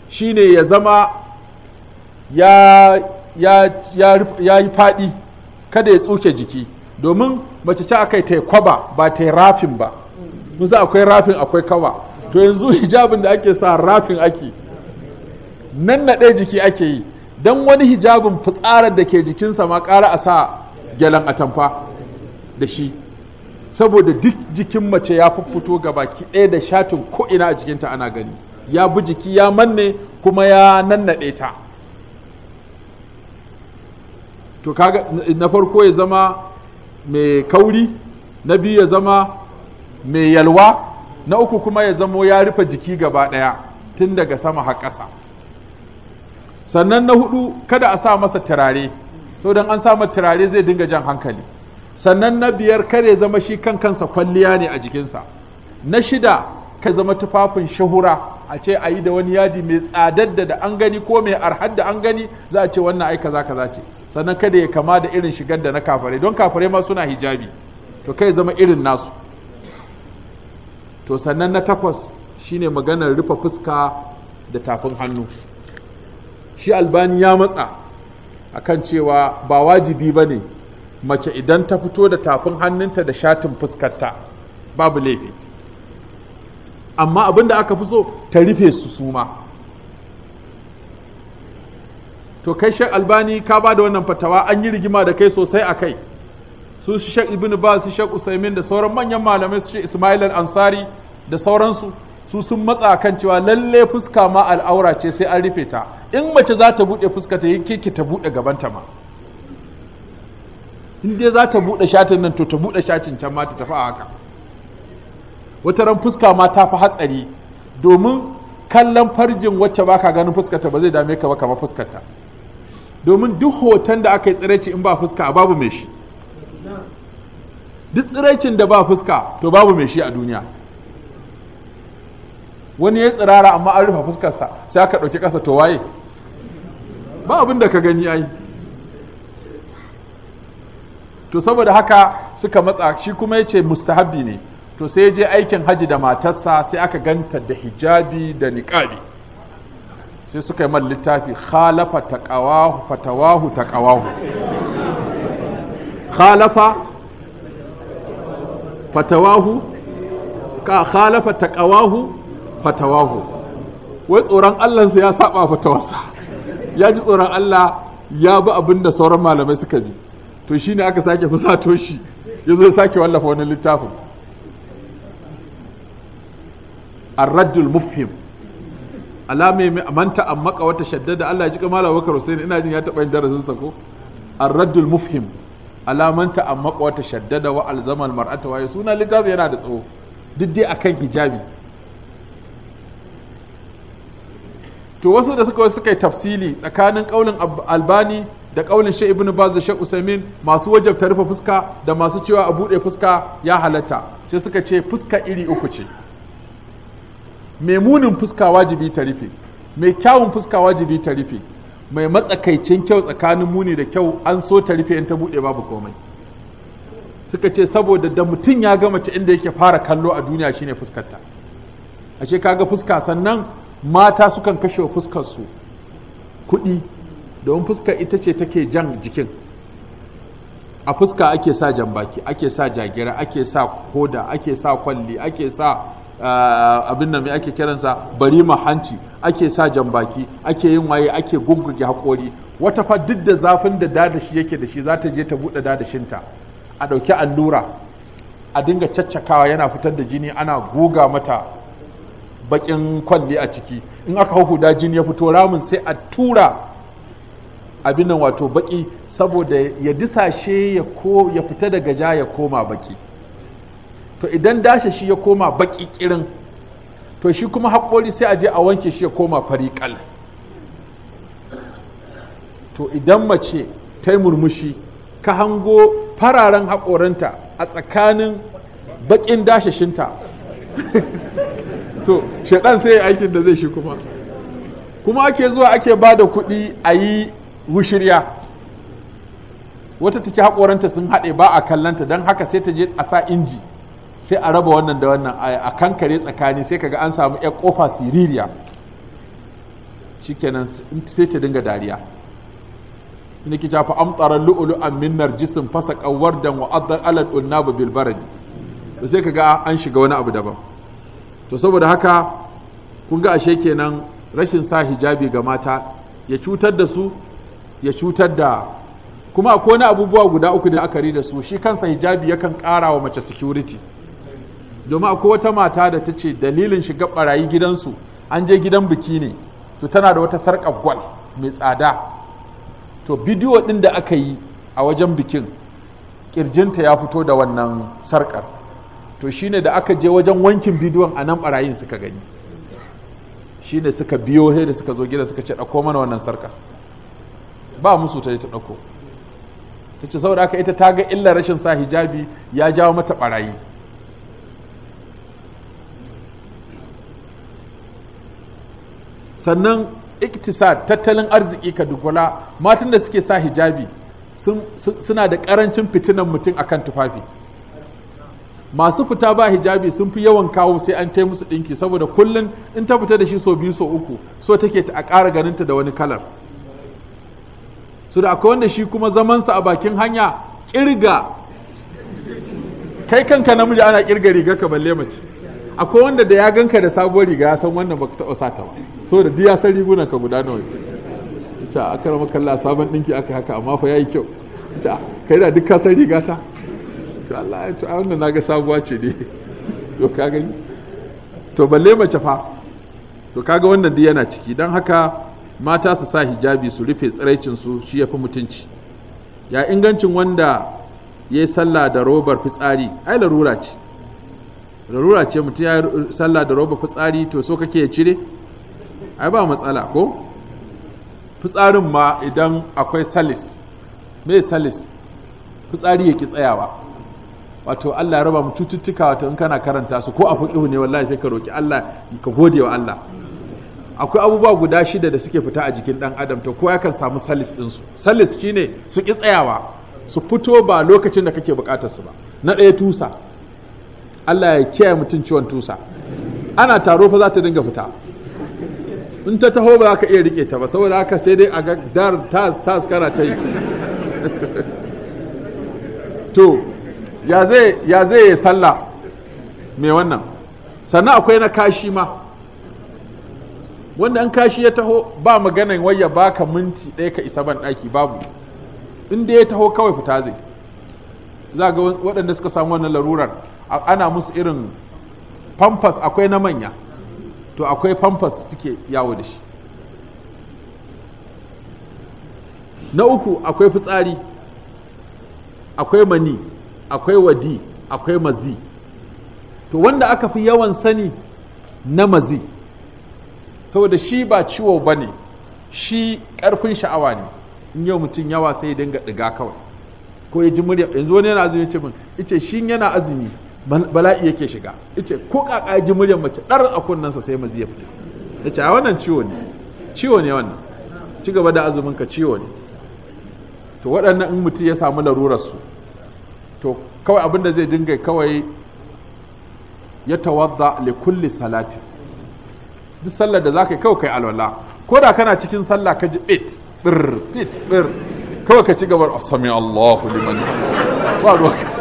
shine ya zama ya ya yi faɗi kada ya tsoke jiki domin mace ce aka yi ta kwaba ba ta yi rafin ba musa akwai rafin akwai kawa to yanzu *laughs* hijabin da ake sa rafin ake nan na ɗaya jiki ake yi don wani hijabin fitsarar da ke jikinsa ma ƙara a sa gyalan atamfa da shi saboda duk jikin mace ya fito ga baki ɗaya da shatin ko'ina a jikinta ana gani ya bi jiki ya manne kuma ya nannaɗe ta to kaga na farko ya zama mai kauri na biyu ya zama mai yalwa na uku kuma ya zamo ya rufe jiki gaba ɗaya tun daga sama har ƙasa sannan na hudu kada a sa masa turare don an sa turare zai dinga jan hankali sannan na biyar kar ya zama shi kan kansa kwalliya ne a jikinsa na shida ka zama tufafin shahura a ce a yi da wani yadi mai tsadar da an gani ko mai arhar da an gani za a ce wannan za ka kaza ce sannan kada ya kama da irin shigar da na kafare don kafare ma suna hijabi to kai zama irin nasu to sannan na takwas shine maganar rufe fuska da tafin hannu shi albani ya matsa akan cewa ba wajibi ba ne mace idan ta fito da tafin hannunta da shatin fuskarta babu laifi amma abin da aka fi so ta rufe su suma to kai shek albani ka ba da wannan fatawa an yi rigima da kai sosai a kai su shi shek ibn ba su shek usaimin da sauran manyan malamai su shi ismail ansari da sauransu su sun matsa kan cewa lalle fuska ma al'aura ce sai an rufe ta in mace za ta buɗe fuska ta yi ki ta buɗe gabanta ma in dai za ta buɗe shatin nan to ta buɗe shatin can ma ta tafi a haka wata ran fuska ma ta fi hatsari domin kallon farjin wacce baka ganin fuskarta ba zai dame ka ba kamar fuskarta domin duk hoton da aka yi tsiraici in ba fuska a babu mai shi duk tsiraicin da ba fuska to babu mai shi a duniya wani ya tsirara amma an rufe fuskarsa sai aka ɗauki ƙasa to waye ba abin da ka gani ai to saboda haka suka matsa shi kuma ya ce mustahabbi ne to sai je aikin haji da matarsa sai aka ganta da hijabi da niƙabi sai suka yi man littafi khalafa taqawahu fatawahu taqawahu khalafa fatawahu ka khalafa taqawahu fatawahu wai tsoron Allah ya saba fatawarsa ya ji tsoron Allah ya bi abin da sauran malamai suka bi to shine aka sake fusato shi ya zo sake wallafa wani littafin ar-raddul mufhim alame mai a amma wata shaddada Allah ya ji kamala Abubakar Hussein ina jin ya taɓa yin darasin sa ko ar-raddul mufhim alamanta amma wata shaddada wa alzamal marata wa suna littafi yana da tsawo duk dai akan hijabi to wasu da suka suka yi tafsili tsakanin kaulin albani da kaulin shi ibn baz da shi usaimin masu wajabta rufe fuska da masu cewa a buɗe fuska ya halatta sai suka ce fuska iri uku ce mai munin fuska wajibi ta rufe mai kyawun fuska wajibi ta rufe mai matsakaicin kyau tsakanin muni da kyau an so ta rufe in ta buɗe babu komai suka ce saboda da mutum ya gama inda yake fara kallo a duniya shi shine fuskarta ashe kaga fuska sannan mata sukan kashe fuskar su kuɗi domin fuska ita ce take jan jikin a fuska ake sa jambaki ake sa jagira ake sa koda ake sa kwalli ake sa Eh, abin da mai ake kiransa bari ma hanci ake sa jan baki, ake yin waye ake gugguge haƙori wata fa duk da zafin da shi yake da shi za ta je ta buɗe dadashinta a ɗauki allura a dinga caccakawa yana fitar da jini ana goga mata baƙin kwalli a ciki in aka hau huda jini ya fito ramin sai a tura abin nan wato baki saboda ya disashe ya fita daga ja ya koma baƙi. to idan dashe shi ya koma baki kirin to shi kuma haƙori sai a je a wanke shi ya koma fari to idan mace ta yi murmushi ka hango fararen haƙoranta a tsakanin bakin dashashinta *laughs* to shaɗan sai aikin da zai shi kuma kuma ake zuwa ake ba da kuɗi a yi wushirya wata ta ci haƙoranta sun haɗe ba a kallanta don haka sai ta je a sa inji sai a raba wannan da wannan aya a kankare tsakani sai kaga an samu yan kofa siririya shikenan sai ta dinga dariya ina ki tafi amtsara lu'ulu'an min narjisin fasa kawar dan wa addar alal unnabu bil baraj to sai kaga an shiga wani abu daban to saboda haka kun ga ashe kenan rashin sa hijabi ga mata ya cutar da su ya cutar da kuma akwai wani abubuwa guda uku da akari da su shi kansa hijabi yakan ƙara wa mace security domin akwai wata mata da ta ce dalilin shiga barayi gidansu an je gidan biki ne to tana da wata sarƙa gwal mai tsada to bidiyo ɗin da aka yi a wajen bikin ƙirjinta ya fito da wannan sarƙar to shine da aka je wajen wankin bidiyon a nan barayin suka gani shine suka biyo sai da suka zo gida suka ce ɗauko mana wannan sarƙar ba musu ta ta ɗauko ta ce saboda aka ita ta ga illar rashin sa hijabi ya jawo mata barayi sannan iktisad tattalin arziki ka dugula matan da suke sa hijabi suna da karancin fitinan mutum akan tufafi masu fita ba hijabi sun fi yawan kawo sai an tai musu ɗinki saboda kullum in ta fita da shi so biyu so uku so take ta a ƙara ganinta da wani kalar su da akwai wanda shi kuma zamansa a bakin hanya ƙirga kai kanka namiji ana kirga riga ka balle mace akwai wanda da ya ganka da sabuwar riga ya san wannan baka taɓa sata ba so da diya san riguna ka guda nawa ita aka rama kalla sabon dinki aka haka amma fa yayi kyau ita kai da duk ka san riga ta to Allah ya to a wannan naga sabuwa ce dai. to ka gani to balle mace fa to kaga wannan dai yana ciki dan haka mata su sa hijabi su rufe tsiraicin su shi yafi mutunci ya ingancin wanda yayi sallah da robar fitsari ai larura ce larura ce mutum ya sallah da robar fitsari to so kake ya cire ai ba matsala ko fitsarin ma idan akwai salis me salis fitsari ya ki tsayawa wato Allah ya raba mu cututtuka wato in kana karanta su ko a fuqihu ne wallahi sai ka roki Allah ka gode wa Allah akwai abubuwa guda shida da suke fita a jikin dan adam to ya yakan samu salis din su salis shine su ki tsayawa su fito ba lokacin da kake bukatar su ba na ɗaya tusa Allah ya kiyaye mutum ciwon tusa ana taro fa za ta dinga fita in ta taho ba za ka iya rike ta ba saboda haka sai dai a ga dar tas tas kana ta yi *laughs* to ya zai ya zai sallah mai wannan sannan akwai na kashi ma wanda an kashi ya taho ba maganan wai ya baka minti ɗaya ka isa ban ɗaki babu in ya taho kawai fita zai za ga waɗanda suka samu wannan larurar ana musu irin pampas akwai na manya to akwai famfas suke yawo da shi na uku akwai fitsari akwai mani akwai wadi akwai mazi to wanda aka fi yawan sani na mazi saboda shi ba ciwo ba ne shi ƙarfin sha'awa ne in yau mutum yawa sai ya dinga ɗiga kawai ko ya ji murya yanzu wani yana azumi ce min ice shi yana azumi bala'i yake shiga yace ko kaka ji muryar mace dar a kunnansa sai mazi ya fita yace a wannan ciwo ne ciwo ne wannan ci gaba da azumin ka ciwo ne to waɗannan in mutum ya samu larurar su to kawai abin da zai dinga kawai ya tawadda li kulli salati duk sallar da zaka yi kawai kai alwala ko da kana cikin sallah ka ji bit bir bit bir kawai ka ci gaba asami sami Allahu liman ba ruwanka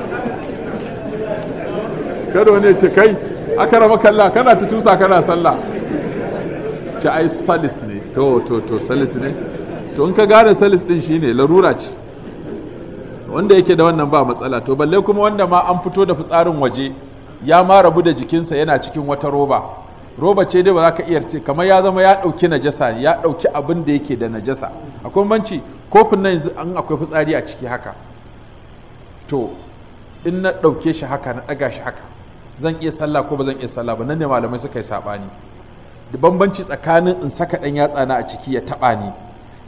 kada wani ya ce kai aka rama kalla kana ta tusa kana sallah ce ai salis ne to to to salis ne to in ka gane salis din shine larura ce wanda yake da wannan ba matsala to balle kuma wanda ma an fito da fitsarin waje ya ma rabu da jikinsa yana cikin wata roba roba ce dai ba za ka iya ce kamar ya zama ya ɗauki najasa ya ɗauki abin da yake da najasa akwai banci kofin nan yanzu an akwai fitsari a ciki haka to in na ɗauke shi haka na ɗaga shi haka zan iya sallah ko ba zan iya sallah ba nan ne malamai suka yi sabani da bambanci tsakanin in saka ɗan yatsa na a ciki ya taɓa ni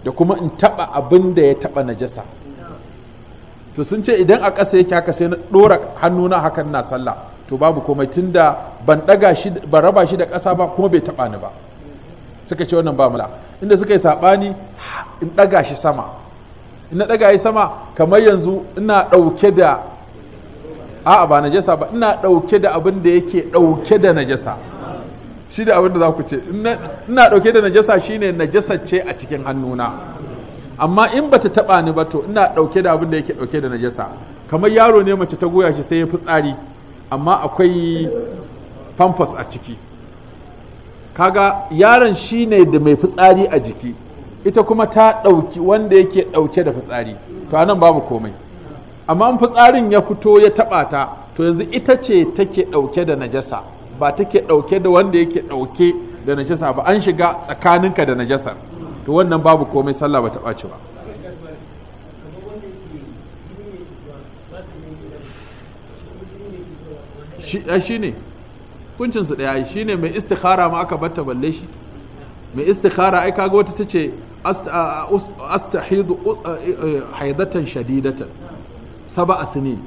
da kuma in taɓa abin da ya taba najasa to sun ce idan a ƙasa yake haka sai na ɗora hannuna hakan na sallah to babu komai tunda ban daga shi ban raba shi da ƙasa ba kuma bai taɓa ni ba suka ce wannan ba mula inda suka yi saɓani in ɗaga shi sama in na ɗaga shi sama kamar yanzu ina ɗauke da a'a ba najasa ba ina ɗauke da abin da yake ɗauke da najasa shi da abin da za ku ce ina ɗauke da najasa shine najasa ce a cikin hannuna amma in bata taɓa ni ba to ina ɗauke da abin da yake ɗauke da najasa kamar yaro ne mace ta goya shi sai ya fitsari amma akwai famfas a ciki kaga yaron shine da mai fitsari a jiki ita kuma ta ɗauki wanda yake ɗauke da fitsari to anan babu komai amma fitsarin ya fito ya taɓa ta to yanzu ita ce take ɗauke da najasa ba take ɗauke da wanda yake ɗauke da najasa ba an shiga tsakaninka da najasar to wannan babu komai sallah ba ta ɓaci ba shi ne kuncinsu ɗaya shi ne mai istikhara ma aka batta balle shi mai istikhara ai kaga wata ta ce astahidu haidatan shadidatan saba a sinin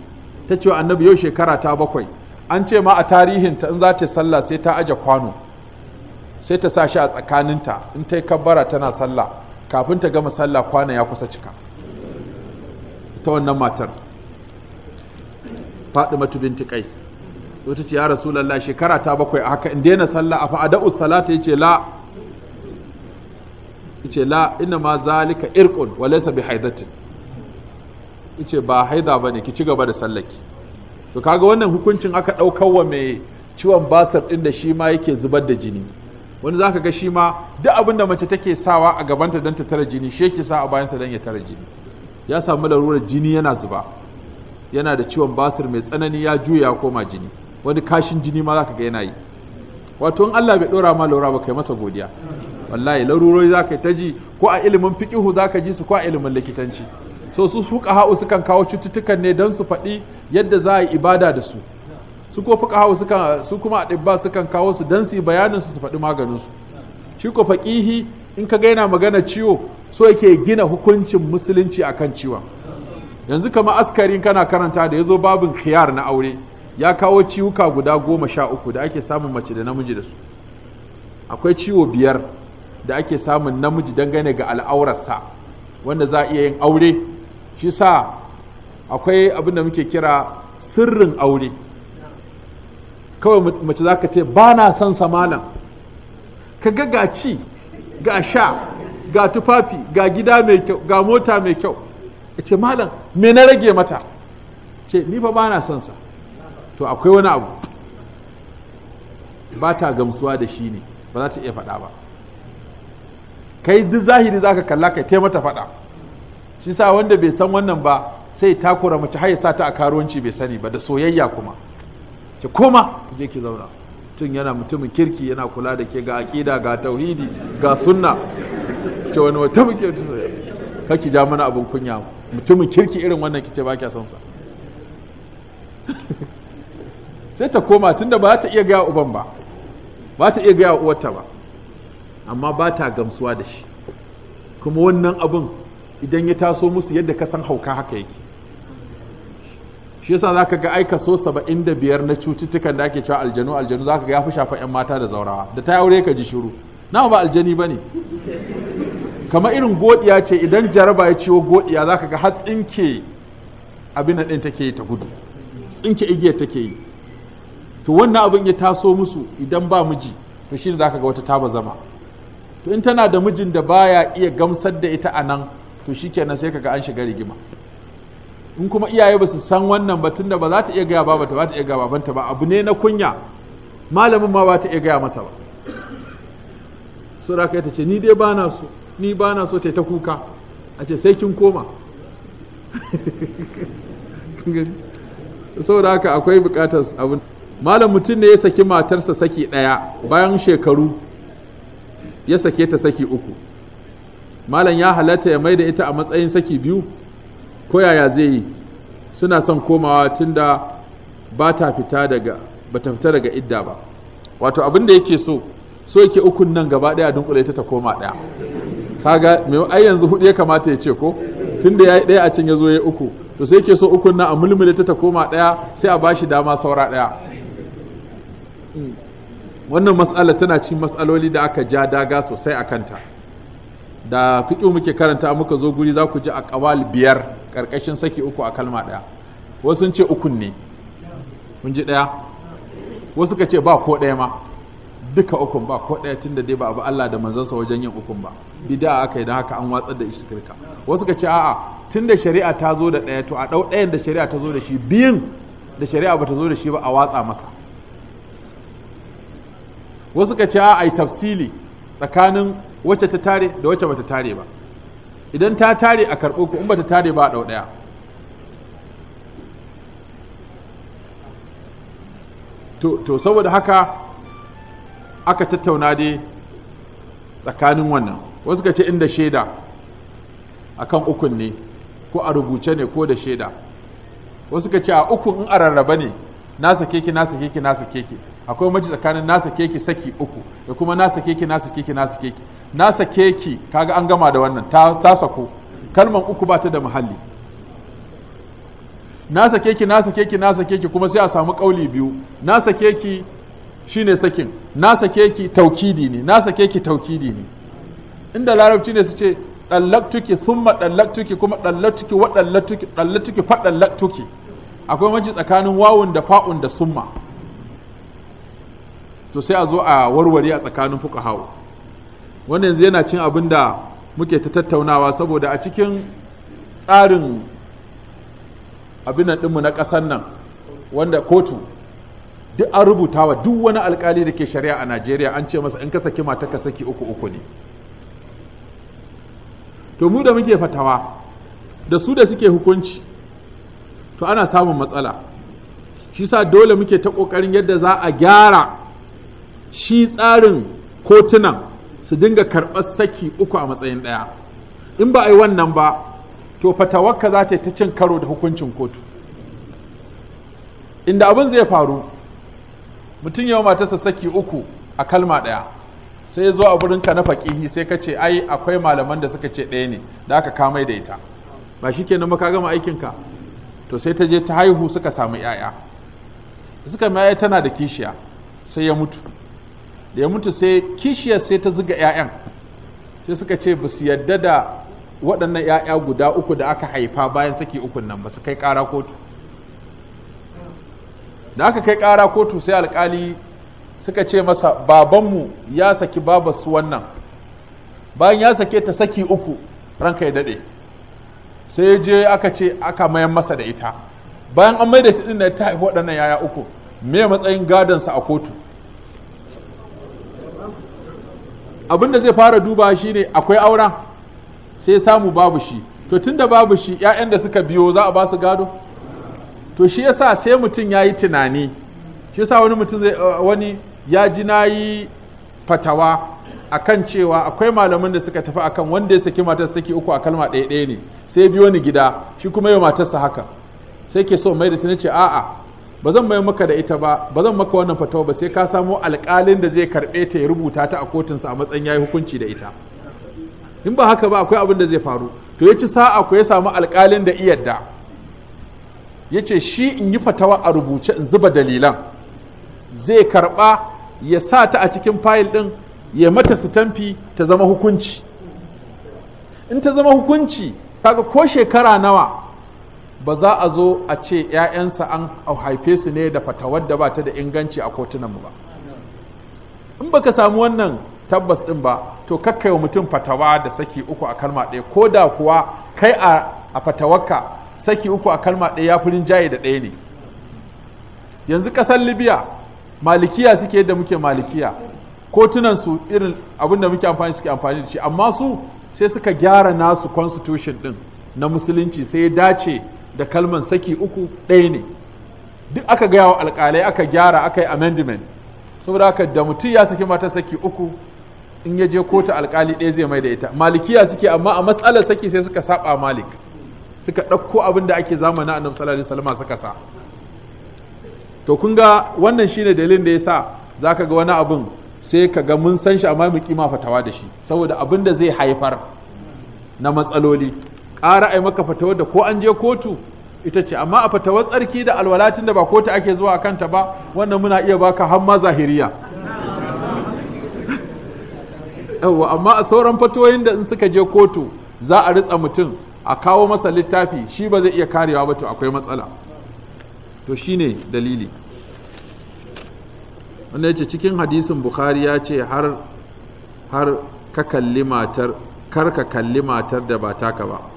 ta ce annabi yau shekara ta bakwai an ce ma a tarihinta in za ta sallah sai ta aje kwano sai ta sa shi a tsakaninta in ta yi kabbara tana sallah kafin ta gama sallah kwana ya kusa cika ta wannan matar fatimatu binti qais wata ce ya rasulallah shekara ta bakwai a haka in daina sallah a fa'ada'u salata yace la yace la inna ma zalika irqun wa laysa bi haidatin ce ba haida ne ki ci gaba da sallaki to kaga wannan hukuncin aka ɗaukar wa mai ciwon basar ɗin da shi ma yake zubar da jini wani zaka ga shi ma duk abin da mace take sawa a gabanta don ta tara jini shi yake sa a bayansa dan ya tara jini ya samu larurar jini yana zuba yana da ciwon basir mai tsanani ya juya ya koma jini wani kashin jini ma zaka ga yana yi wato in Allah bai dora ma laura ba kai masa godiya wallahi larurori zaka yi ta ji ko a ilimin fiqihu zaka ji su ko a ilimin likitanci so su ha'u sukan kawo cututtukan ne don su faɗi yadda za a yi ibada da su su ko ha'u sukan su kuma a ɗibba sukan kawo su don su yi bayanin su su faɗi maganin su shi ko faqihi in ka gaina magana ciwo so yake gina hukuncin musulunci akan ciwon yanzu kama askari kana karanta da ya zo babin khiyar na aure ya kawo ciwuka guda goma sha uku da ake samun mace da namiji da su akwai ciwo biyar da ake samun namiji dangane ga al'aurarsa wanda za a iya yin aure shi sa akwai abin da muke kira sirrin aure kawai mace za ka ce ba na son samalan ka ga ga ci ga sha ga tufafi ga gida mai kyau ga mota mai kyau ce malam me na rage mata ce ni fa ba na son sa to akwai wani abu ba ta gamsuwa da shi ne ba za ta iya faɗa ba kai duk zahiri za ka kalla kai taimata faɗa shi sa wanda bai san wannan ba sai takura mace har sa ta a karuwanci bai sani ba da soyayya kuma ki koma je ki zauna tun yana mutumin kirki yana kula da ke ga aƙida ga tauhidi ga sunna ce wani wata muke kaki ja mana abin kunya mutumin kirki irin wannan kice ba kya son sa *laughs* sai ta koma tunda ba ta iya gaya uban ba ba ta iya gaya uwarta ba amma ba ta gamsuwa da shi kuma wannan abin idan ya taso musu yadda ka san hauka haka yake shi yasa za ka ga ai kaso saba'in da biyar na cututtukan da ake cewa aljanu aljanu za ka ga ya fi shafa 'yan mata da zaurawa da ta aure ka ji shiru na ba aljani ba ne kamar irin godiya ce idan jaraba ya ciwo godiya za ka ga har tsinke abin ɗin take yi ta gudu tsinke igiyar take yi to wannan abin ya taso musu idan ba miji to shi ne za ka ga wata taba zama to in tana da mijin da baya iya gamsar da ita a nan to shikenan sai kaga an shiga rigima in kuma iyaye ba su san wannan ba tunda ba za ta iya gaya babanta ba ta iya gaya babanta ba abu ne na kunya malamin ma ba ta iya gaya masa ba sura kai ta ce ni dai ba na so ni ba na so ta ta kuka a ce sai kin koma *laughs* saboda haka akwai bukatar abin malam mutum ne ya saki matarsa saki ɗaya bayan shekaru ya sake ta saki uku malam ya halatta ya mai da ita a matsayin saki biyu ko yaya zai yi suna son komawa tunda ba ta fita daga ba ta fita daga idda ba wato abin da yake so so yake ukun nan gaba daya dunkule ta ta koma daya kaga me ai yanzu hudu ya kamata ya ce ko tunda yayi daya a can yazo yayi uku to sai yake so ukun nan a mulmule ta ta koma daya sai a bashi dama saura daya hmm. wannan mas'ala tana cin mas'aloli da aka ja daga sosai a kanta da fiƙi muke karanta muka zo guri za ku ji a ƙawal biyar ƙarƙashin saki uku a kalma ɗaya wasu ce ukun ne kun ji ɗaya wasu ka ce ba ko ɗaya ma duka ukun ba ko ɗaya tun da dai ba abu Allah da manzansa wajen yin ukun ba bid'a a aka yi don haka an watsar da ka. wasu ka ce a'a tun da shari'a ta zo da ɗaya to a ɗau ɗayan da shari'a ta zo da shi biyun da shari'a ba ta zo da shi ba a watsa masa wasu ka ce a'a ai tafsili tsakanin wacce ta tare da wacce bata tare ba idan ta tare a karɓo ku in bata tare ba a ɗau ɗaya to saboda haka aka tattauna dai tsakanin wannan wasu ka ce inda shaida akan ukun ne ko a rubuce ne ko da shaida wasu ka ce a ukun in a rarraba ne nasa keke nasa keke nasa keke akwai maji tsakanin nasa keke saki uku da kuma nasa keke nasa keke nasa keke na sake ki kaga an gama da wannan ta sako kalman uku ba ta da muhalli na sake ki na sake ki na sake ki kuma sai a samu kauli biyu na sake ki shine sakin na sake ki taukidi ne na sake ki taukidi ne inda larabci ne su ce dallaktuki thumma dallaktuki kuma dallaktuki wa dallaktuki dallaktuki fa dallaktuki akwai manci tsakanin wawun da fa'un da summa to sai a zo a warware a tsakanin fuqaha'u wannan yanzu yana cin abin da muke ta tattaunawa saboda a cikin tsarin abin ɗinmu na ƙasan nan wanda kotu duk an rubuta wa duk wani alkali da ke shari'a a najeriya an ce masa in ka saki mata ka saki uku uku ne to mu da muke fatawa da su da suke hukunci to ana samun matsala shi sa dole muke ta ƙoƙarin yadda za a gyara shi tsarin kotunan su dinga karɓar saki uku a matsayin ɗaya in ba a yi wannan ba to fatawarka za ta yi ta cin karo da hukuncin kotu inda abin zai faru mutum yau matarsa saki uku a kalma ɗaya sai zo a burinka na faƙihi sai ka ce ai akwai malaman da suka ce ɗaya ne da aka kamai da ita ba shi kenan maka gama aikinka to sai ta je ta haihu suka samu 'ya'ya suka 'ya'ya tana da kishiya sai ya mutu da ya mutu sai kishiyar sai ta zuga 'ya'yan sai suka ce ba su yadda da waɗannan 'ya'ya guda uku da aka haifa bayan saki ukun nan ba su kai ƙara kotu da aka kai ƙara kotu sai alƙali suka ce masa babanmu ya saki babarsu wannan bayan ya sake ta saki uku ranka ya daɗe sai je aka ce aka mayan masa da ita bayan an maida ta ɗin ta haifi waɗannan yaya uku me matsayin gadonsa a kotu abin da zai fara duba shi ne akwai auren sai samu babu shi to tun da babu shi 'ya'yan da suka biyo za a ba su gado to shi yasa sai mutum ya yi tunani shi yasa wani mutum zai eh, wani ya ji na yi fatawa a kan cewa akwai malamin da suka tafi akan wanda ya saki matar saki uku a kalma ɗaya ɗaya ne sai biyo ni gida shi kuma yi matarsa haka sai ke so mai da ce a'a ba zan mai maka da ita ba ba zan maka wannan fatawa ba sai ka samo alƙalin da zai karɓe ta ya rubuta ta a sa a matsayin yayi hukunci da ita in ba haka ba akwai abin da zai faru to ya ci sa'a ko ya samu alƙalin da iyadda ya ce shi in yi fatawa a rubuce in zuba dalilan zai karɓa ya sa ta a cikin fayil ɗin ya mata sitamfi ta zama hukunci in ta zama hukunci kaga ko shekara nawa ba za a zo a ce 'ya'yansa an haife su ne da fatawar da ba ta da inganci a kotunanmu ba in baka samu wannan tabbas din ba to kakkai wa mutum fatawa da saki uku a kalma ɗaya ko da kuwa kai a fatawarka saki uku a kalma ɗaya ya furin jaye da ɗaya ne yanzu ƙasar libya malikiya suke da muke malikiya kotunan su irin abin da muke amfani suke amfani da shi amma su sai suka gyara nasu constitution din na musulunci sai ya dace da kalman saki uku ɗaya ne duk aka gaya wa alƙalai aka gyara aka yi amendment saboda haka da mutum ya saki mata saki uku in ya je kota alƙali ɗaya zai mai da ita malikiya suke amma a matsalar saki sai suka saba malik suka ɗauko abin da ake zamana a nufin salari salama suka sa to kun ga wannan shine dalilin da ya sa za ka ga wani abin sai ka ga mun san shi amma mu kima fatawa da shi saboda abin da zai haifar na matsaloli a ai maka fatawar da ko an je kotu ita ce amma a fatawar tsarki da alwalatin da ba kotu ake zuwa a kanta ba wannan muna iya baka hamma zahiriya yawwa amma a sauran fatoyin da in suka je kotu za a ritsa mutum a kawo masa littafi shi ba zai iya karewa ba to akwai matsala to shine dalili wanda yace cikin hadisin bukhari ya ce har ka kalli matar ka kalli matar da ba taka ba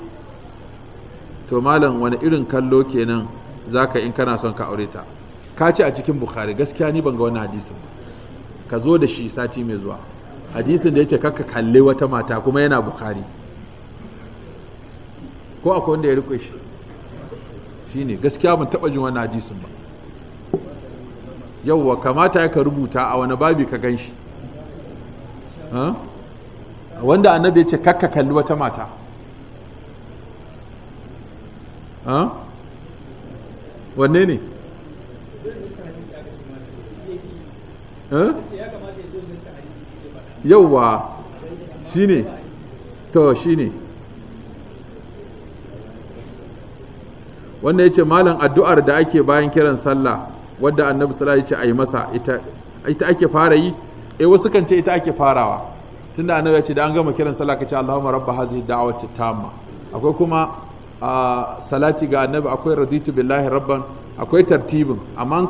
to malam wani irin kallo kenan ka in kana son ka aure ta ka ce a cikin bukhari gaskiya ni ban ga wani hadisin ka zo da shi sati mai zuwa hadisin da yake kakka kalle wata mata kuma yana bukhari ko akwai wanda ya riko shi ne gaskiya ban taba jin wani hadisin ba yauwa kamata ya ka rubuta a wani babi ka gan shi wanda annabi ya ce kakka kalli wata mata wanne ne yauwa shi ne to shi ne wannan ya ce malam addu'ar da ake bayan kiran sallah wadda annabi sallah ya ce a yi masa ita ake fara yi e wasu kan ce ita ake farawa tunda annabi ya ce da an gama kiran sallah ka ce Allahumma rabba hazihi da'awati tamma akwai kuma a salati ga annabi akwai raditu billahi rabban akwai tartibin amma an